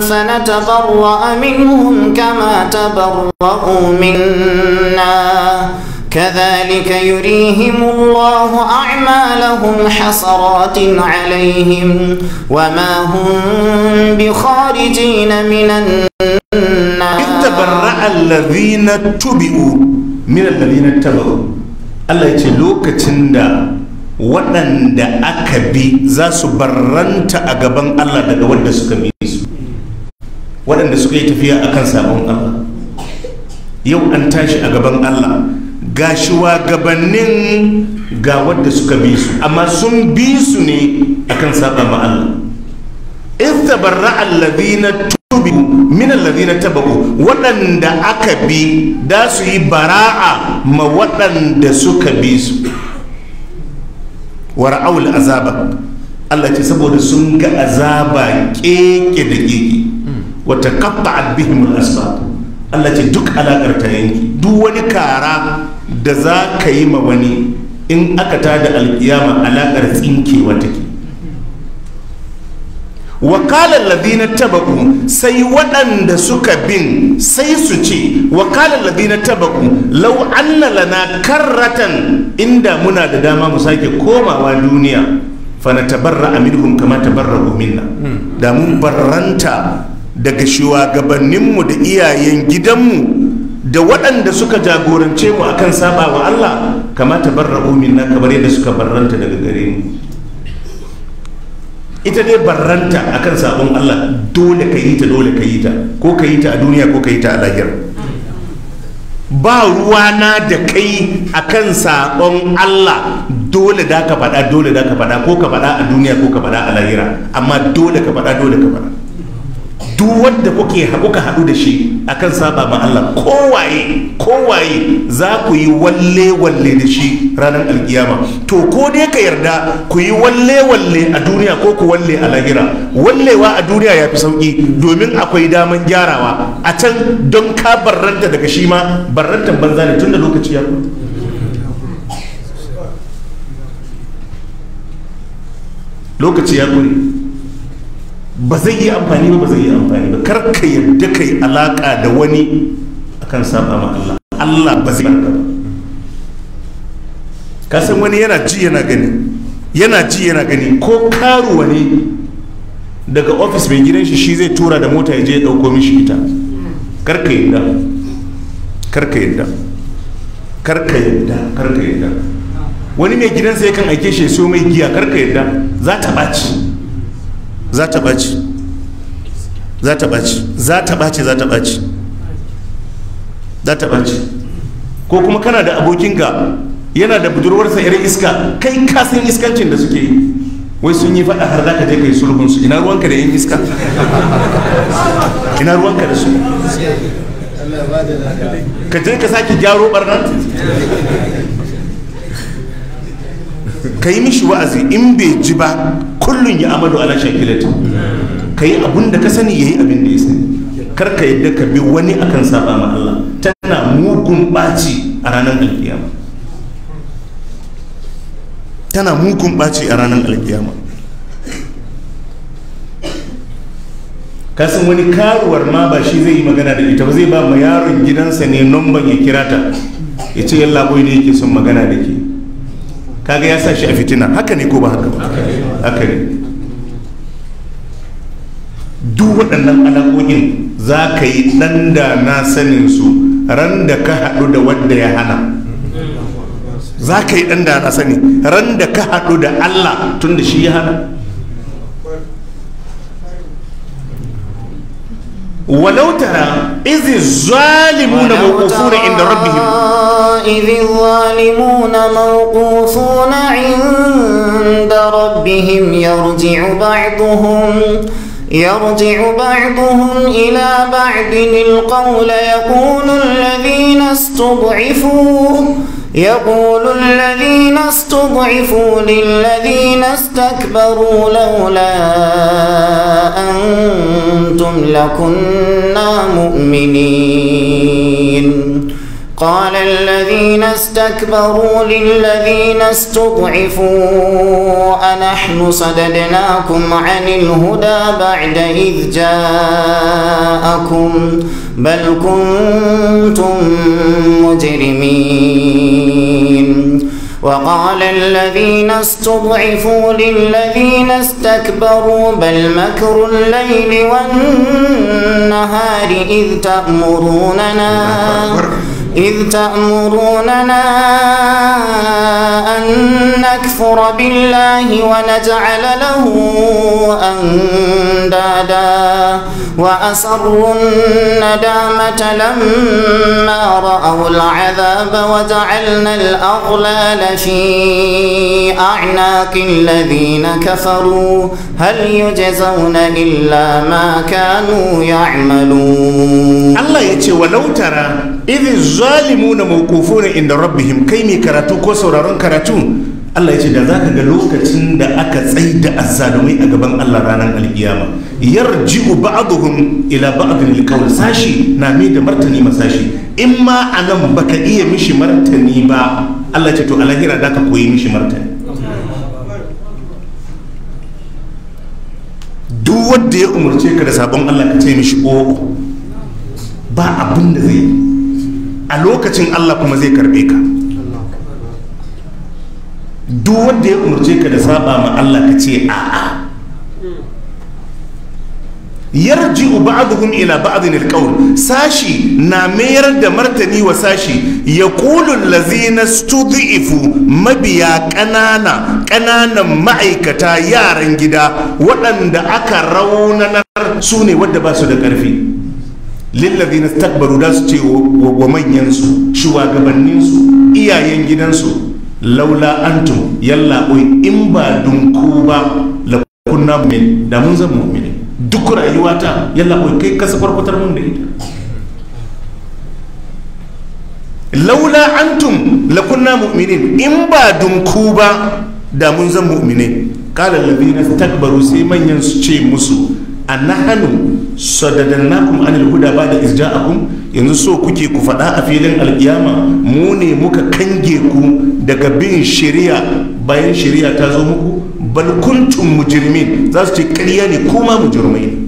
فنتبرأ منهم كما تبرأوا منا كذلك يريهم الله أعمالهم حسرات عليهم وما هم بخارجين من النار إذ تبرأ الذين اتبعوا من الذين اتبعوا الله يتلوك تندى waɗanda aka bi za su barranta a gaban Allah daga wanda suka bi su waɗanda suka yi tafiya a kan sabon Allah yau an tashi a gaban Allah ga gabanin ga wadda suka bi su amma sun bi su ne kan saba ma Allah idza barra na tubi min na tabu waɗanda aka bi da su yi bara'a ma waɗanda suka bi su wa ra'awul azaba Allah ce saboda sun ga azaba keke da keke wata taqatta'at bihim al-asbab Allah ce duk alakar ta yanki duk wani kara da za ka yi ma wani in aka tada alkiyama alakar tsinkewa take wa kalan ladina tabaku sai waɗanda suka bin sai su ce wa kalan ladina tabaku lau anna lana karratan inda muna da dama mu sake komawa duniya fa na tabarra aminhum kama tabarra minna da mun barranta daga shugabanninmu da iyayen gidanmu da waɗanda suka jagorance mu akan saba wa Allah kama tabarra minna kamar yadda suka barranta daga gare mu ita baranta barranta akan sabon Allah dole ka yi ta dole ka yi ta ko ka yi ta a duniya ko ka yi ta a lahira ba ruwana da kai akan sabon Allah dole da ka faɗa dole da ka faɗa ko ka faɗa a duniya ko ka faɗa a lahira amma dole ka faɗa dole ka faɗa duk wanda kuke kuka haɗu da shi akan saba ma Allah kowaye kowaye za ku yi walle walle da shi ranar alkiyama to ko dai ka yarda ku yi walle walle a duniya ko ku walle a lahira wallewa a duniya ya fi sauki domin akwai daman gyarawa a can don ka barranta daga shi ma barranta banza ne tun da lokaci ya lokaci ya kuri ba zai yi amfani ba ba zai yi amfani ba kar ka ka kai alaka da wani akan saba ma Allah Allah ba zai ba ka san wani yana ji yana gani yana ji yana gani ko karuwa ne daga ofis mai gidan shi shi zai tura da mota ya je ya dauko mishi ita kar ka yadda kar ka yadda kar ka yadda kar ka yadda wani mai gidansa yakan aike shi ya siyo mai giya kar ka yadda za ta ɓaci za ta ɓaci za ta ɓaci za ta ɓaci za ta ɓaci za ta ɓaci ko kuma kana da abokinka yana da budurwarsa irin iska kai kasan iskancin da suke yi wai sun yi faɗa har za ka je kai sulhun su ina ruwanka da yin iska ina ruwanka da su ka je ka sake gyaro barnan ka yi mishi wa'azi in bai ji ba kullum ya amadu ala shakilat ka yi abin da ka sani ya yi abin da ya sani kar ka yadda ka bi wani akan saba ma Allah tana mugun ɓaci a ranar alkiyama tana mugun ɓaci a ranar alkiyama kasan wani karuwar ma ba shi zai yi magana da ita ba zai ba ma yaron gidansa ne nomban ya kirata ta ya ce yalla boy ne yake son magana da ke kaga ya sa shi a fitina haka ne ko ba haka haka ne duk waɗannan alaƙoƙin za ka yi ɗan da na sanin su ran da ka haɗu da wanda ya hana za ka yi ɗan da na sani ran da ka haɗu da allah tun da shi ya hana ولو ترى إذ الظالمون موقوفون عند ربهم إذ الظالمون موقوفون عند ربهم يرجع بعضهم يرجع بعضهم إلى بعض القول يقول الذين استضعفوا يقول الذين استضعفوا للذين استكبروا لولا أنتم لكنا مؤمنين قال الذين استكبروا للذين استضعفوا أنحن صددناكم عن الهدى بعد إذ جاءكم ؟ بل كنتم مجرمين وقال الذين استضعفوا للذين استكبروا بل مكر الليل والنهار إذ تأمروننا إذ تأمروننا أن نكفر بالله ونجعل له أندادا وأسروا الندامة لما رأوا العذاب وجعلنا الأغلال في أعناق الذين كفروا هل يجزون إلا ما كانوا يعملون الله يتي ولو ترى إذ الظلم zalimuna na inda rabbihim kai mai karatu ko sauraron karatu Allah ya ce da zaka ga lokacin da aka tsai da azzalumai a gaban Allah ranar alkiyama yarji'u ba'dhum ila ba'dhin alqawl sashi na mai da martani masashi in ma anan baka iya mishi martani ba Allah ya ce to alahira da ka koyi mishi martani duk wanda ya umarce ka da sabon Allah ka ce mishi o oh, ba abin da zai yi a lokacin Allah kuma zai karbe ka duk wanda ya umarce ka da saba ma Allah ka ce a'a yarji'u ba'dhum ila ba'dhin alqawl sashi na mayar da martani wa sashi ya yaqulu lazina stud'ifu mabiya kanana kananan ma'aikata yaran gida waɗanda aka raunanar su ne wadda ba su da ƙarfi lillazi na takbaru da su ce wa manyansu shugabanninsu iyayen gidansu laula antum yalla in ba dunku ba la kunna mu'min da mun zan mu'mini duk rayuwata yalla oi kai kasa farkwatar mun da ita laula antum la kunna mu'minin in ba dunku ba da mun zama mu'mini lillazi na takbaru sai manyan su ce musu annahanu nahanu sadadannakum anil huda ba da yanzu so kuke ku faɗa a filin alkiyama mu ne muka kange ku daga bin shari'a bayan shari'a ta zo muku bal kuntum mujrimin za su ce ƙarya ne ko ma mujrimai ne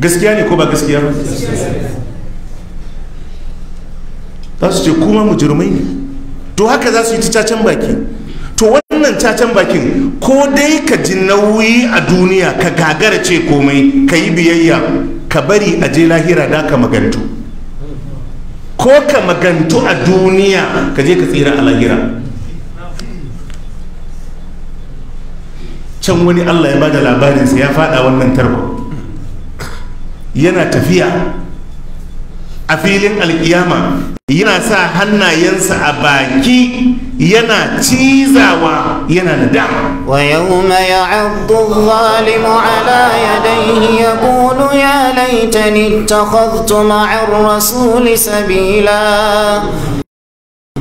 gaskiya ne ko ba gaskiya ba za su ce kuma mujirmai ne to haka za su yi ta baki wannan cacan bakin ko dai ka ji nauyi a duniya ka gagara ce komai ka yi biyayya ka bari a je lahira da ka magantu ko ka magantu a duniya ka je ka tsira a lahira can wani allah ya ba da labarinsa ya fada wannan tarko yana tafiya a filin alkiyama yana sa hannayensa a baki yana cizawa yana nadama wa ma ya abdu zalimu 'ala ya yaqulu ya ya laitani ta ma'a ma'ar rasuli sabila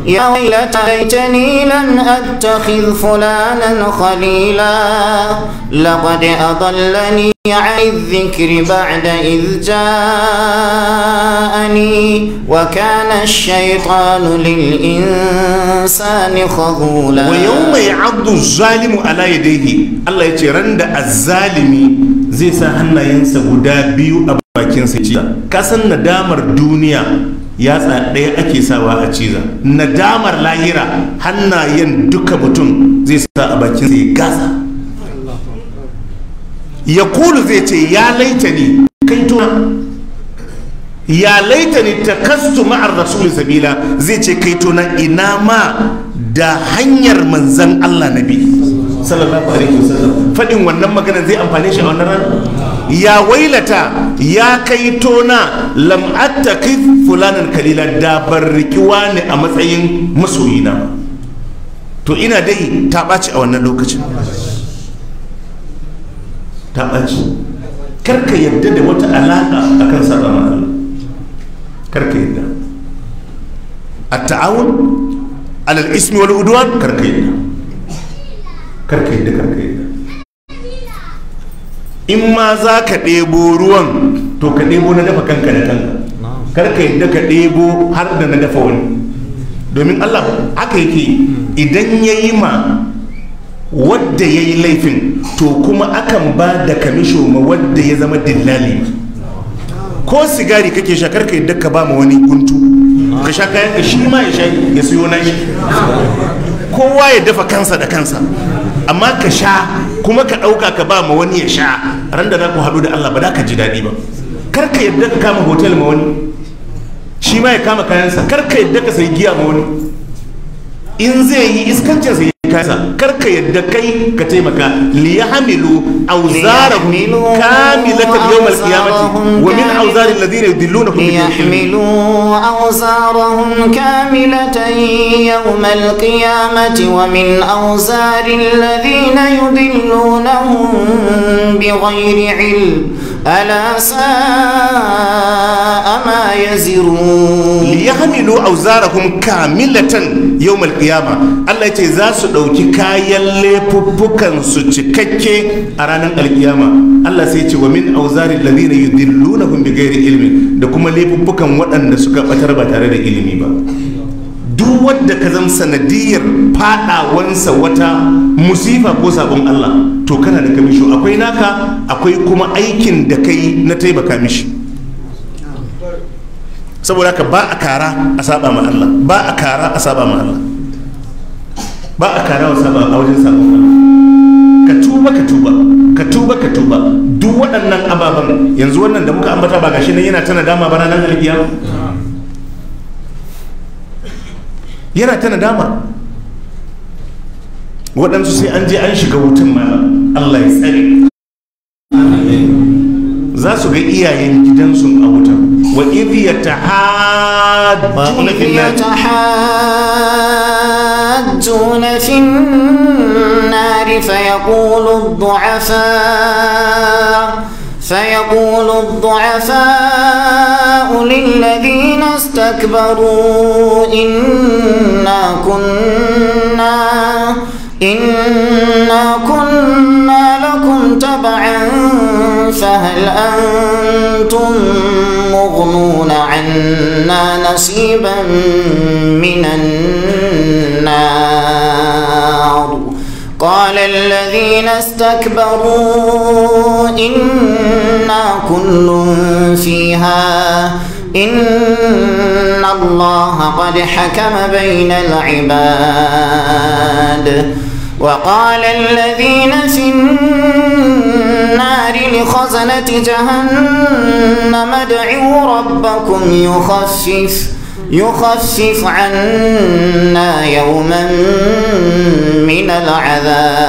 يا ويلتى ليتني لم اتخذ فلانا خليلا لقد اضلني عن الذكر بعد اذ جاءني وكان الشيطان للانسان خذولا ويوم يعض الظالم على يديه الله يترند الظالم زي سهنا ينسى غدا بيو أباكين سيجيلا كسن ندامر دنيا yatsa ɗaya ake sawa a ciza nadamar lahira hannayen duka mutum zai sa a bakin zai gaza ya kulu zai ce ya laita ni kai tuna ya laita ni ta kastu ma'ar rasulun sabila zai ce kai tuna ina ma da hanyar manzan allah nabi sallallahu alaihi wasallam faɗin wannan maganar zai amfane shi a wannan ya wailata ya kai tona lam attaki fulanin kalila da barriki wani a matsayin masoyina to ina dai ta ɓaci a wannan lokacin ta ɓaci karka yadda da wata alaƙa a kan sarra ma'ala karka yadda a ta'awun alal ismi wal udwan karka yadda karka yadda karka yadda in ma za ka ɗebo ruwan to ka ɗebo na dafa kanka da kanka kar ka yadda ka ɗebo har da na dafa wani domin allah haka yake idan ya yi ma wadda ya yi laifin to kuma akan ba da kamisho ma wadda ya zama dillali ko sigari kake sha kar ka yadda ka ba ma wani guntu ka sha kayan ka shi ma ya sha ya siyo na shi kowa ya dafa kansa da kansa amma ka sha kuma ka ɗauka ka ba ma wani ya sha ran da za ku haɗu da Allah ba za ka ji daɗi ba kar ka yadda ka kama hotel ma wani shi ma ya kama kayansa kar ka yadda ka sai giya ma wani in zai yi iskanci zai yi kayansa karka yadda kai ka taimaka li yahmilu awzarahum kamilatan yawm al-qiyamati wa min awzar alladhina yudillunahum bi yahmilu awzarahum kamilatan yawm al-qiyamati wa min awzar alladhina yudillunahum bi ghayri ilm ألا ساء ما يزرون ليحملوا أوزارهم كاملة يوم القيامة الله يتي ذاسو دوكي كايا لفبكن سوچككي أرانا القيامة الله سيتي ومن أوزار الذين يدلونهم بغير علم دكما لفبكن وأن سكا بتربة ترى علمي با wanda ka zama sanadiyar fadawansa wata musifa ko sabon Allah to kana da kamisho akwai naka akwai kuma aikin da kai na taimaka mishi saboda haka ba a kara a saba ma Allah ba a kara a saba ma Allah ba a kara a saba a wajen sabon Allah ka tuba ka tuba ka tuba ka tuba duk waɗannan ababen yanzu wannan da muka ambata ba gashi nan yana tana dama ba nan alƙiyama yana ta nadama waɗansu sai an je an shiga wutan ma Allah ya tsare za su ga iyayen gidansu a wutan wa idh yatahajjuna fi nari fa ya ad فيقول الضعفاء للذين استكبروا إنا كنا إنا كنا لكم تبعا فهل أنتم مغنون عنا نصيبا من النار قال الذين استكبروا إنا كل فيها إن الله قد حكم بين العباد وقال الذين في النار لخزنة جهنم ادعوا ربكم يخفف يخفف عنا يوما من العذاب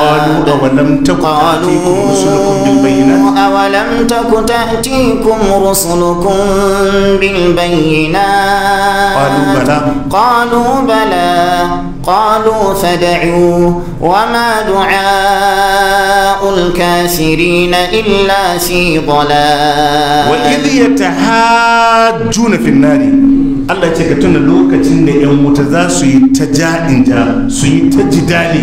قالوا أولم تك تأتيكم رسلكم بالبينات أولم تك تأتيكم رسلكم بالبينات قالوا بلى قالوا بلى قالوا فدعوا وما دعاء الكافرين إلا في ضلال وإذ يتحاجون في النار Allah ce ka tuna lokacin da yan wuta za su yi ta ja'in ja su yi ta jidali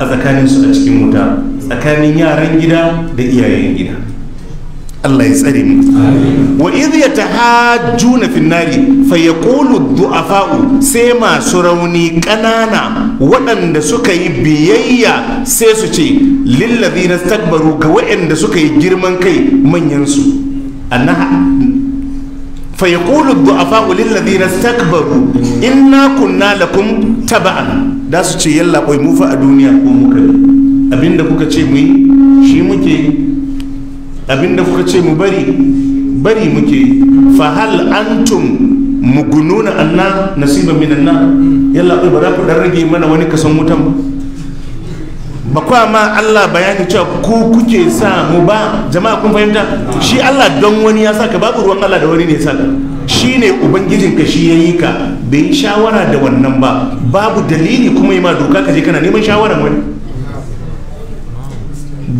a tsakaninsu a cikin wuta tsakanin yaran gida da iyayen gida Allah ya tsare mu wa idh yatahajjuna fi nari fa yaqulu du'afa'u sai masu rauni ƙanana waɗanda suka yi biyayya sai su ce lillazina stakbaru ga waɗanda suka yi girman kai manyan su annaha fa yaqulu du'afa'u lil ladina istakbaru inna kunna lakum taba'an da su ce yalla koi mu fa a duniya ko muka abinda kuka ce mu yi shi muke abinda kuka ce mu bari bari muke fa hal antum mugununa anna nasiba minan nar yalla koi ba za ku dan rage mana wani kasan wutan ba ba ma Allah bayani cewa ku kuke sa mu ba jama'a kun fahimta shi Allah don wani ya saka babu ruwan Allah da wani ne saka shi ne ubangijin ka shi yayi ka bai yi shawara da wannan ba babu dalili kuma yi ma doka ka je kana neman shawaran wani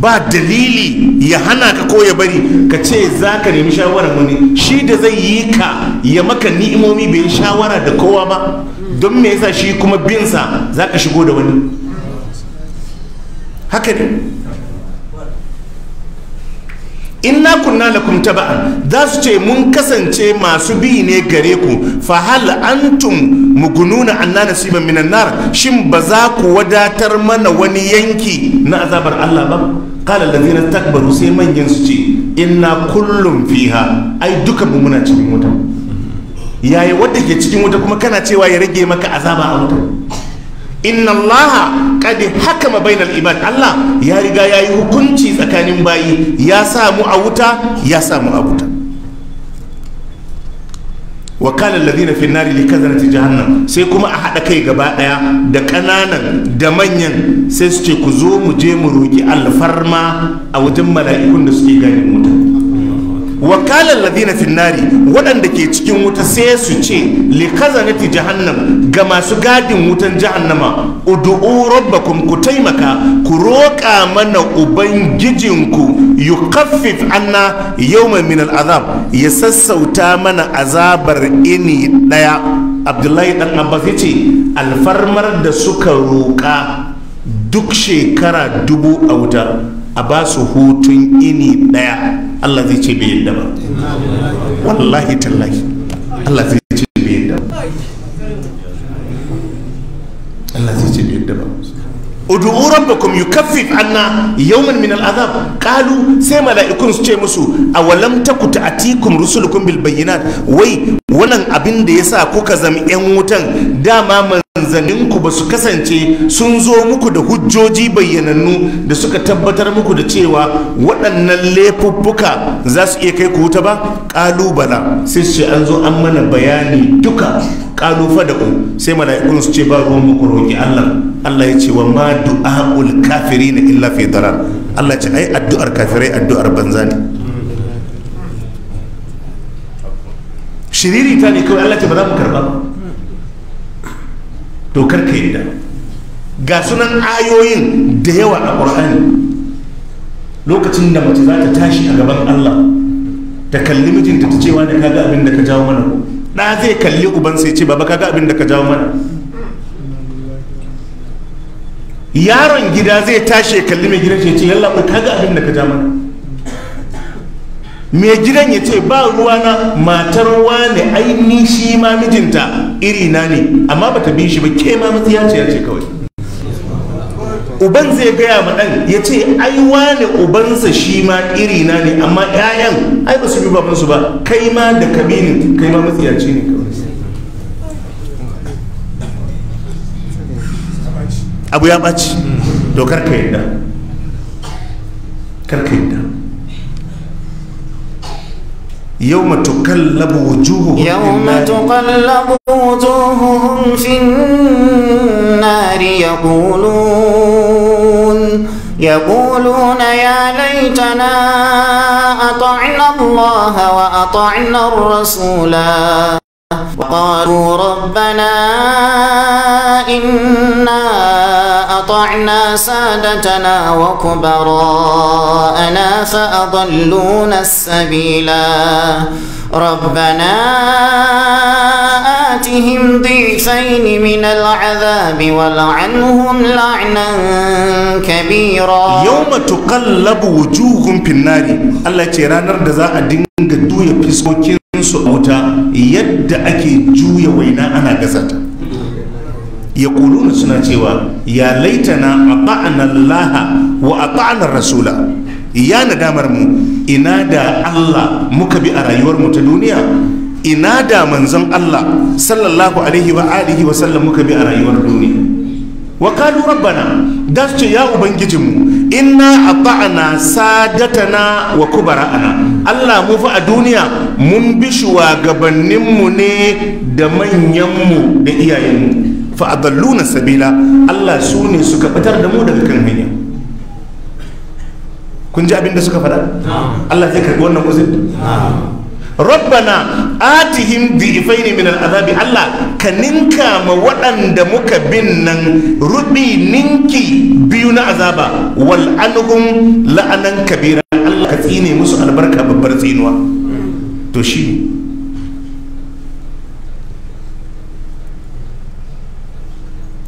ba dalili ya hana ka ko ya bari ka ce za ka nemi shawarar wani shi da zai yi ka ya maka ni'imomi bai shawara da kowa ba don me yasa shi kuma binsa za ka shigo da wani haka ne inna kunna lakum taba'an za su ce mun kasance masu bi ne gare ku fa hal antum mugununa anna nasiban minan nar shin ba za ku wadatar mana wani yanki na azabar Allah ba qala zina takbaru sai manyan su ce inna kullum fiha ai duka mu muna cikin wuta yayi wadda ke cikin wuta kuma kana cewa ya rage maka azaba a wuta inna allaha qad hakama bainal ibad allah ya riga ya yi hukunci tsakanin bayi ya sa mu a wuta ya samu a wuta wa kana alladhina fi nari li kazanati jahannam sai kuma a hada kai gaba daya da kananan da manyan sai su ce ku zo mu je mu roki alfarma a wajen mala'ikun da suke ganin wuta wakalar ladina finnari waɗanda ke cikin wuta sai su ce na jahannam ga masu gadin wutan jahannama udu'u rabbakum ku taimaka ku roƙa mana ubangijinku yukaffif anna yau min al'azab ya sassauta mana azabar ini ɗaya abdullahi dan abbas ya ce alfarmar da suka roƙa duk shekara dubu a wuta a ba su hutun ini daya Allah zai ce bai yadda ba wallahi tallahi Allah zai ce bai yadda ba Allah zai ce bai yadda ba ud'u rabbakum yukaffif anna yawman min al'azab qalu sai mala'ikun su ce musu awalam taku ta'atikum rusulukum bil bayyinat wai wannan abin da yasa kuka zama yan wutan dama man manzanninku ba su kasance sun zo muku da hujjoji bayyanannu da suka tabbatar muku da cewa waɗannan laifuffuka za su iya kai ku wuta ba ƙalubala sai su ce an zo an mana bayani duka ƙalufa da ku sai mala'ikun su ce ba ruwan muku roƙi allah allah ya ce wa ma du'a'ul kafiri na illa fi dara allah ce ai addu'ar kafirai addu'ar banza ne shiriri ta ne kawai allah ce ba za mu karba. ba to kar ka yadda ga sunan ayoyin da yawa a ƙur'ani lokacin da mace za ta tashi a gaban allah ta kalli mijinta ta cewa da kaga abin da ka jawo mana ɗa zai kalli uban sai ce baba kaga abin da ka jawo mana yaron gida zai tashi ya kalli mai gida ce yalla kaga abin da ka jawo mana mai gidan ya ce ba ruwa na matar wane aini shi ma mijinta iri na ne amma ba ta bi shi ba ke ma ya ce ya ce kawai uban zai gaya ma ɗan ya ce ai wane ubansa shi ma iri na ne amma 'ya'yan ai ba su bi babansu ba kai ma da kabinin kai ma ce ne kawai abu ya ɓaci to karka yadda karka yadda يوم تقلب وجوههم يوم تقلب وجوههم في النار يقولون يقولون يا ليتنا أطعنا الله وأطعنا الرسولا وقالوا ربنا إنا أطعنا سادتنا وكبراءنا فأضلونا السبيلا ربنا آتهم ضيفين من العذاب ولعنهم لعنا كبيرا يوم تقلب وجوههم في النار التي يترانر دزاء دين دوية بسكوكي in su yadda ake juya waina ana gasa ta ya kuluna suna cewa ya laitana a ta'anar wa a ta'anar rasula ya nadamar mu ina da allah muka bi a rayuwar mu ta duniya ina da manzon allah sallallahu alaihi wa alihi wa sallam muka bi a rayuwar duniya wa kalu rabbana da su ce ya ubangijinmu inna ata'na sadatana wa kubara'ana Allah mu fa a duniya mun bi mu ne da manyanmu da mu fa adalluna sabila Allah su ne suka fitar da mu daga kan hanya kun ji abin da suka faɗa Allah zai karbi wannan uzur rabbana atihim bi'ifaini min azabi. Allah ka ninka ma waɗanda muka bin nan rubi ninki biyu na azaba wal anhum la'anan kabira Allah ka tsine musu albarka babbar tsinuwa to shi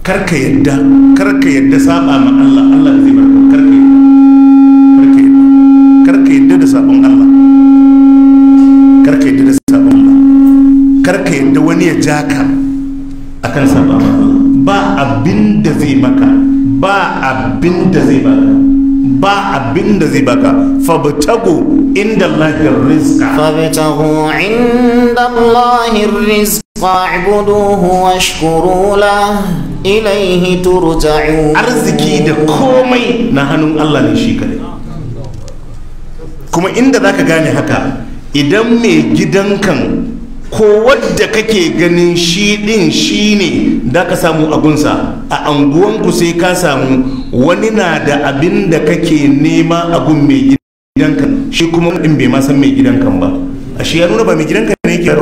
karka yadda karka yadda saba ma Allah Allah zai barka karka yadda karka yadda da sabon Allah sabon kar ka yadda wani ya ja ka akan sabon ba abin da zai maka ba abin da zai baka ba abin da zai baka fabtago inda Allahir rizqa fabtago inda Allahir rizqa ibuduhu washkuru lahu ilaihi turja'un arziki da komai na hannun Allah ne shi kadai kuma inda zaka gane haka idan mai gidan kan ko wadda kake ganin shi din shi ne da ka samu abunsa a anguwanku sai ka samu wani na da abin da kake nema abun mai gidan kan shi kuma din bai san mai gidan kan ba a shi ya nuna ba mai gidan kan ne yake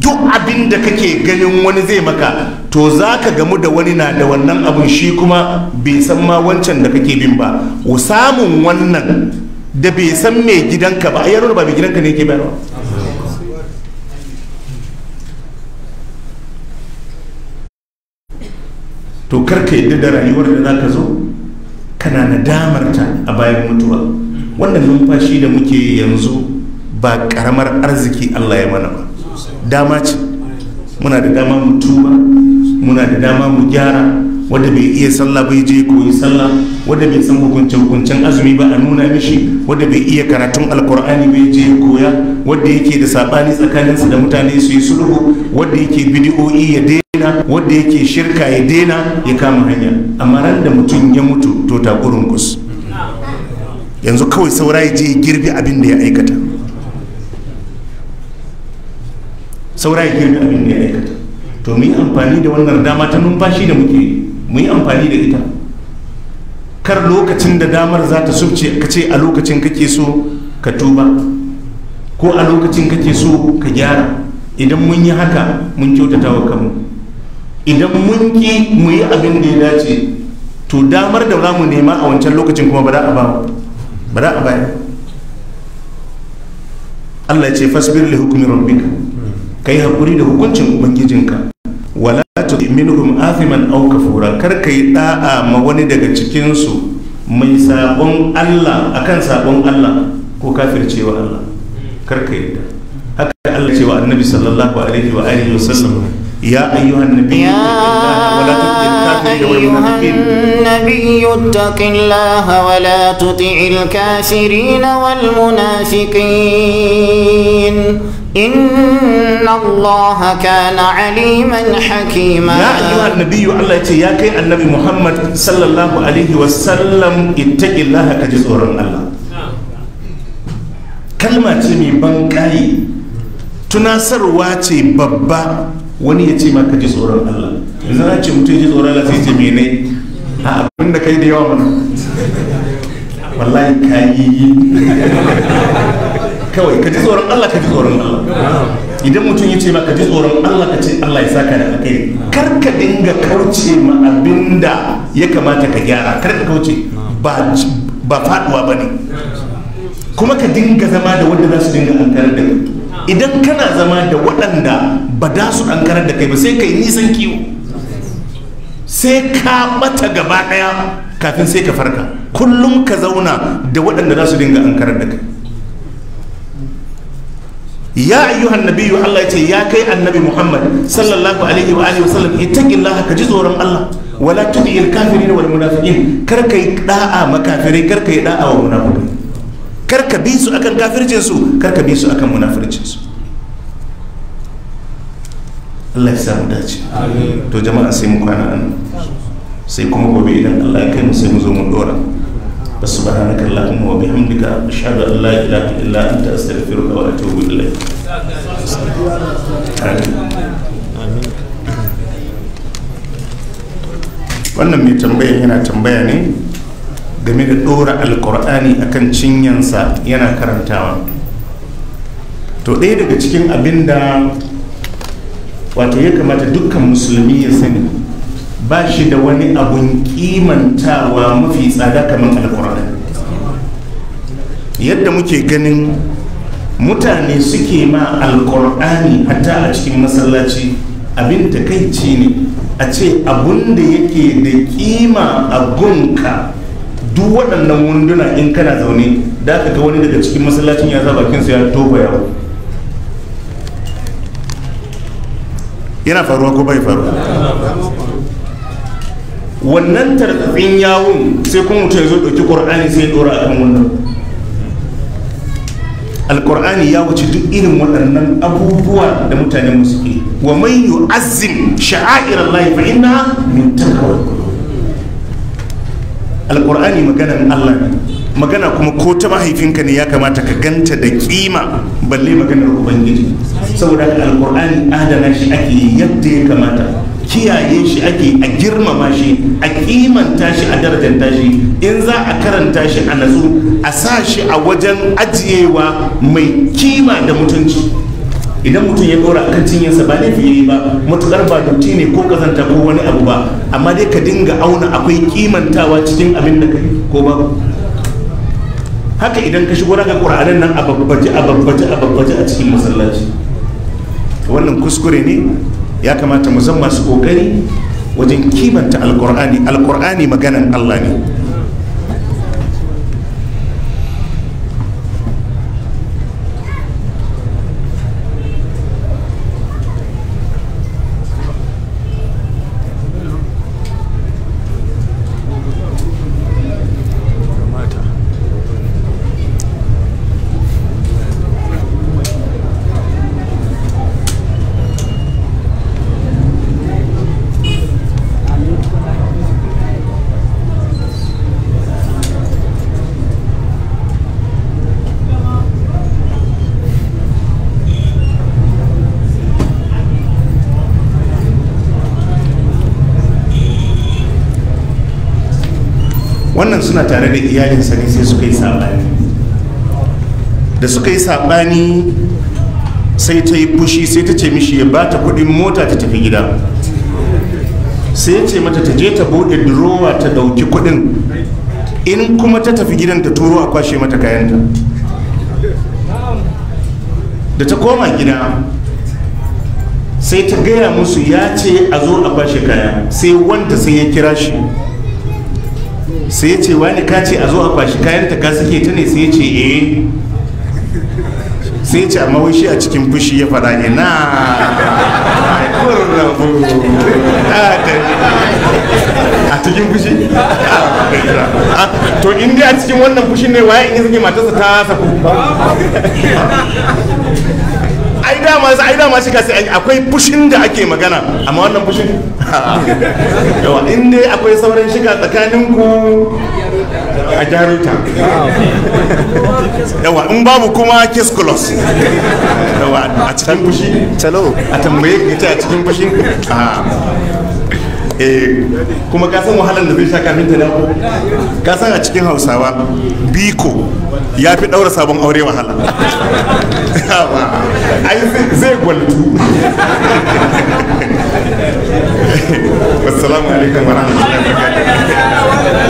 duk abin da kake ganin wani zai maka to za ka gamu da wani na da wannan abun shi kuma bai san ma wancan da kake bin ba samun wannan da bai san mai gidanka ba ya nuna ba mai gidanka ne ke bayarwa to karka yadda da rayuwar da za ka zo kana na damar ta a bayan mutuwa wannan numfashi da muke yanzu ba karamar arziki allah ya mana ba dama ce muna da dama mu muna da dama mu gyara wanda bai iya sallah bai je koyi sallah wanda bai san hukuncin azumi ba a nuna mishi wanda bai iya karatun alkur'ani bai je koya wanda yake da sabani tsakaninsa da mutane su yi sulhu wanda yake bidi'o'i ya daina wanda yake shirka ya daina ya kama hanya amma ran da mutum ya mutu to ta gurin kus yanzu kawai saura ya je girbi abin da ya aikata saura ya girbi abin da ya aikata to mu yi amfani da wannan dama ta numfashi da muke mu yi amfani da ita kar lokacin da damar za ta subce ka ce a lokacin kake so ka tuba ko a lokacin kake so ka gyara idan mun yi haka mun kyautata wa kanmu idan mun ki mu yi abin da ya dace to damar da za mu nema a wancan lokacin kuma ba za a ba ba za a baya Allah ya ce fasbir li hukumi rabbika kai hakuri da hukuncin ubangijinka ولا تؤمنهم آثما أو كفورا كركي داء مواني دقا تكينسو من ساقون الله أكان ساقون الله هو كافر تيوى الله كركي داء هكا الله تيوى النبي صلى الله عليه وآله وسلم يا أيها النبي أيها النبي اتق الله ولا تطع الكافرين والمنافقين إن الله Hakima. عليما حكيما يا أيها النبي الله يتي يا كي النبي محمد صلى الله عليه وسلم اتق الله كجزور الله kalma ce mai bankayi tunasarwa ce babba wani ya ce maka ji tsoron Allah yanzu na ce mutum ya ji tsoron Allah sai ce mene a abin da kai da yawa mana wallahi kayi kawai ka ji tsoron Allah ka ji tsoron Allah idan mutum ya ce ma ka ji tsoron Allah ka ce Allah ya saka da alkhairi kar ka dinga kauce ma abinda ya kamata ka gyara kar ka kauce ba ba faduwa bane kuma ka dinga zama da wanda za su dinga ankarar da kai idan kana zama da waɗanda ba da su ankarar da kai ba sai ka yi nisan kiwo sai ka mata gaba ɗaya kafin sai ka farka kullum ka zauna da waɗanda za su dinga ankarar da kai ya ayyuhan nabiyyu Allah yace ya kai annabi Muhammad sallallahu alaihi wa alihi wasallam ittaqillaha ka ji tsoron Allah wala tudil kafirin wal munafiqin kar kai da'a makafirai kar kai da'a wa munafiqai kar ka bi su akan kafircin su kar ka bi su akan munafircin su Allah ya samu dace to jama'a sai mu kwana nan sai kuma gobe idan Allah ya kai mu sai mu zo mu dora subhanaka اللهم wa bihamdika ashhadu لا la ilaha illa anta astaghfiruka wa wannan mai tambayan yana tambaya ne game da ɗora alkur'ani akan cinyansa yana karantawa to ɗaya daga cikin abinda da wato ya kamata dukkan musulmi ya sani ba shi da wani abun kimantawa mafi tsada kamar alkur'ani yadda muke ganin mutane suke ma alkur'ani hatta a cikin masallaci abin ci ne a ce abun da yake da kima a gunka duk waɗannan wunduna in kana zaune da aka ga wani daga cikin masallacin ya sa bakinsa ya toba yawo yana faruwa ko bai faruwa wannan tarzafin yawon sai kuma mutum ya zo ɗauki ƙor'ani sai ya ɗora akan wannan alƙur'ani ya wuce duk irin waɗannan abubuwa da mutane musu ke wa mai yi azin sha'a'irar laifin ina inna min taqwa alƙur'ani maganan Allah ne magana kuma ko ta mahaifinka ne ya kamata ka ganta da kima balle maganar ubangiji saboda alƙur'ani adana shi ake yadda ya kamata kiyaye shi ake a girmama shi a kimanta shi a darajanta shi in za a karanta shi a natsu a sa shi a wajen ajiyewa mai kima da mutunci idan mutum ya dora kan cinyarsa ba laifi yayi ba matukar ba dutti ne ko kazanta ko wani abu ba amma dai ka dinga auna akwai kimantawa cikin abin da kai ko ba haka idan ka shigo daga ƙura'anin nan a a babbaje a babbaje a cikin masallaci wannan kuskure ne ya kamata mu zama masu ƙoƙari wajen kimanta alkur'ani alkur'ani maganan allah ne wancan suna tare da iyalinsa ne sai suka yi saɓani da suka yi saɓani sai ta yi fushi sai ta ce mishi ya ba ta kudin mota ta tafi gida sai ya ce mata ta je ta buɗe durowa ta ɗauki kudin in kuma ta tafi gidan ta turo a kwashe mata kayanta da ta koma gida sai ta gaya musu ya ce a zo a kwashe kaya sai wanda sai ya kira shi sai ce wani ka ce a zo a kwashi kayan ta ka suke ta ne sai ce eh sai ce amma wai shi a cikin fushi ya fara ne na a cikin fushi ah, to in dai a cikin wannan fushi ne waya in yi zage matarsa ta saku ai dama sai ai dama shi kasi akwai pushin da ake magana amma wannan pushin yawa in dai akwai sauran shiga tsakanin ku a jaruta yawa in babu kuma kiskulos yawa a cikin pushi a tambaye ka a cikin fushi ah. kuma kasan wahalar da zai sha kamin ta nan kasan a cikin hausawa biko ya fi daura sabon aure wahala ai zai gwaltu assalamu alaikum wa barakatuh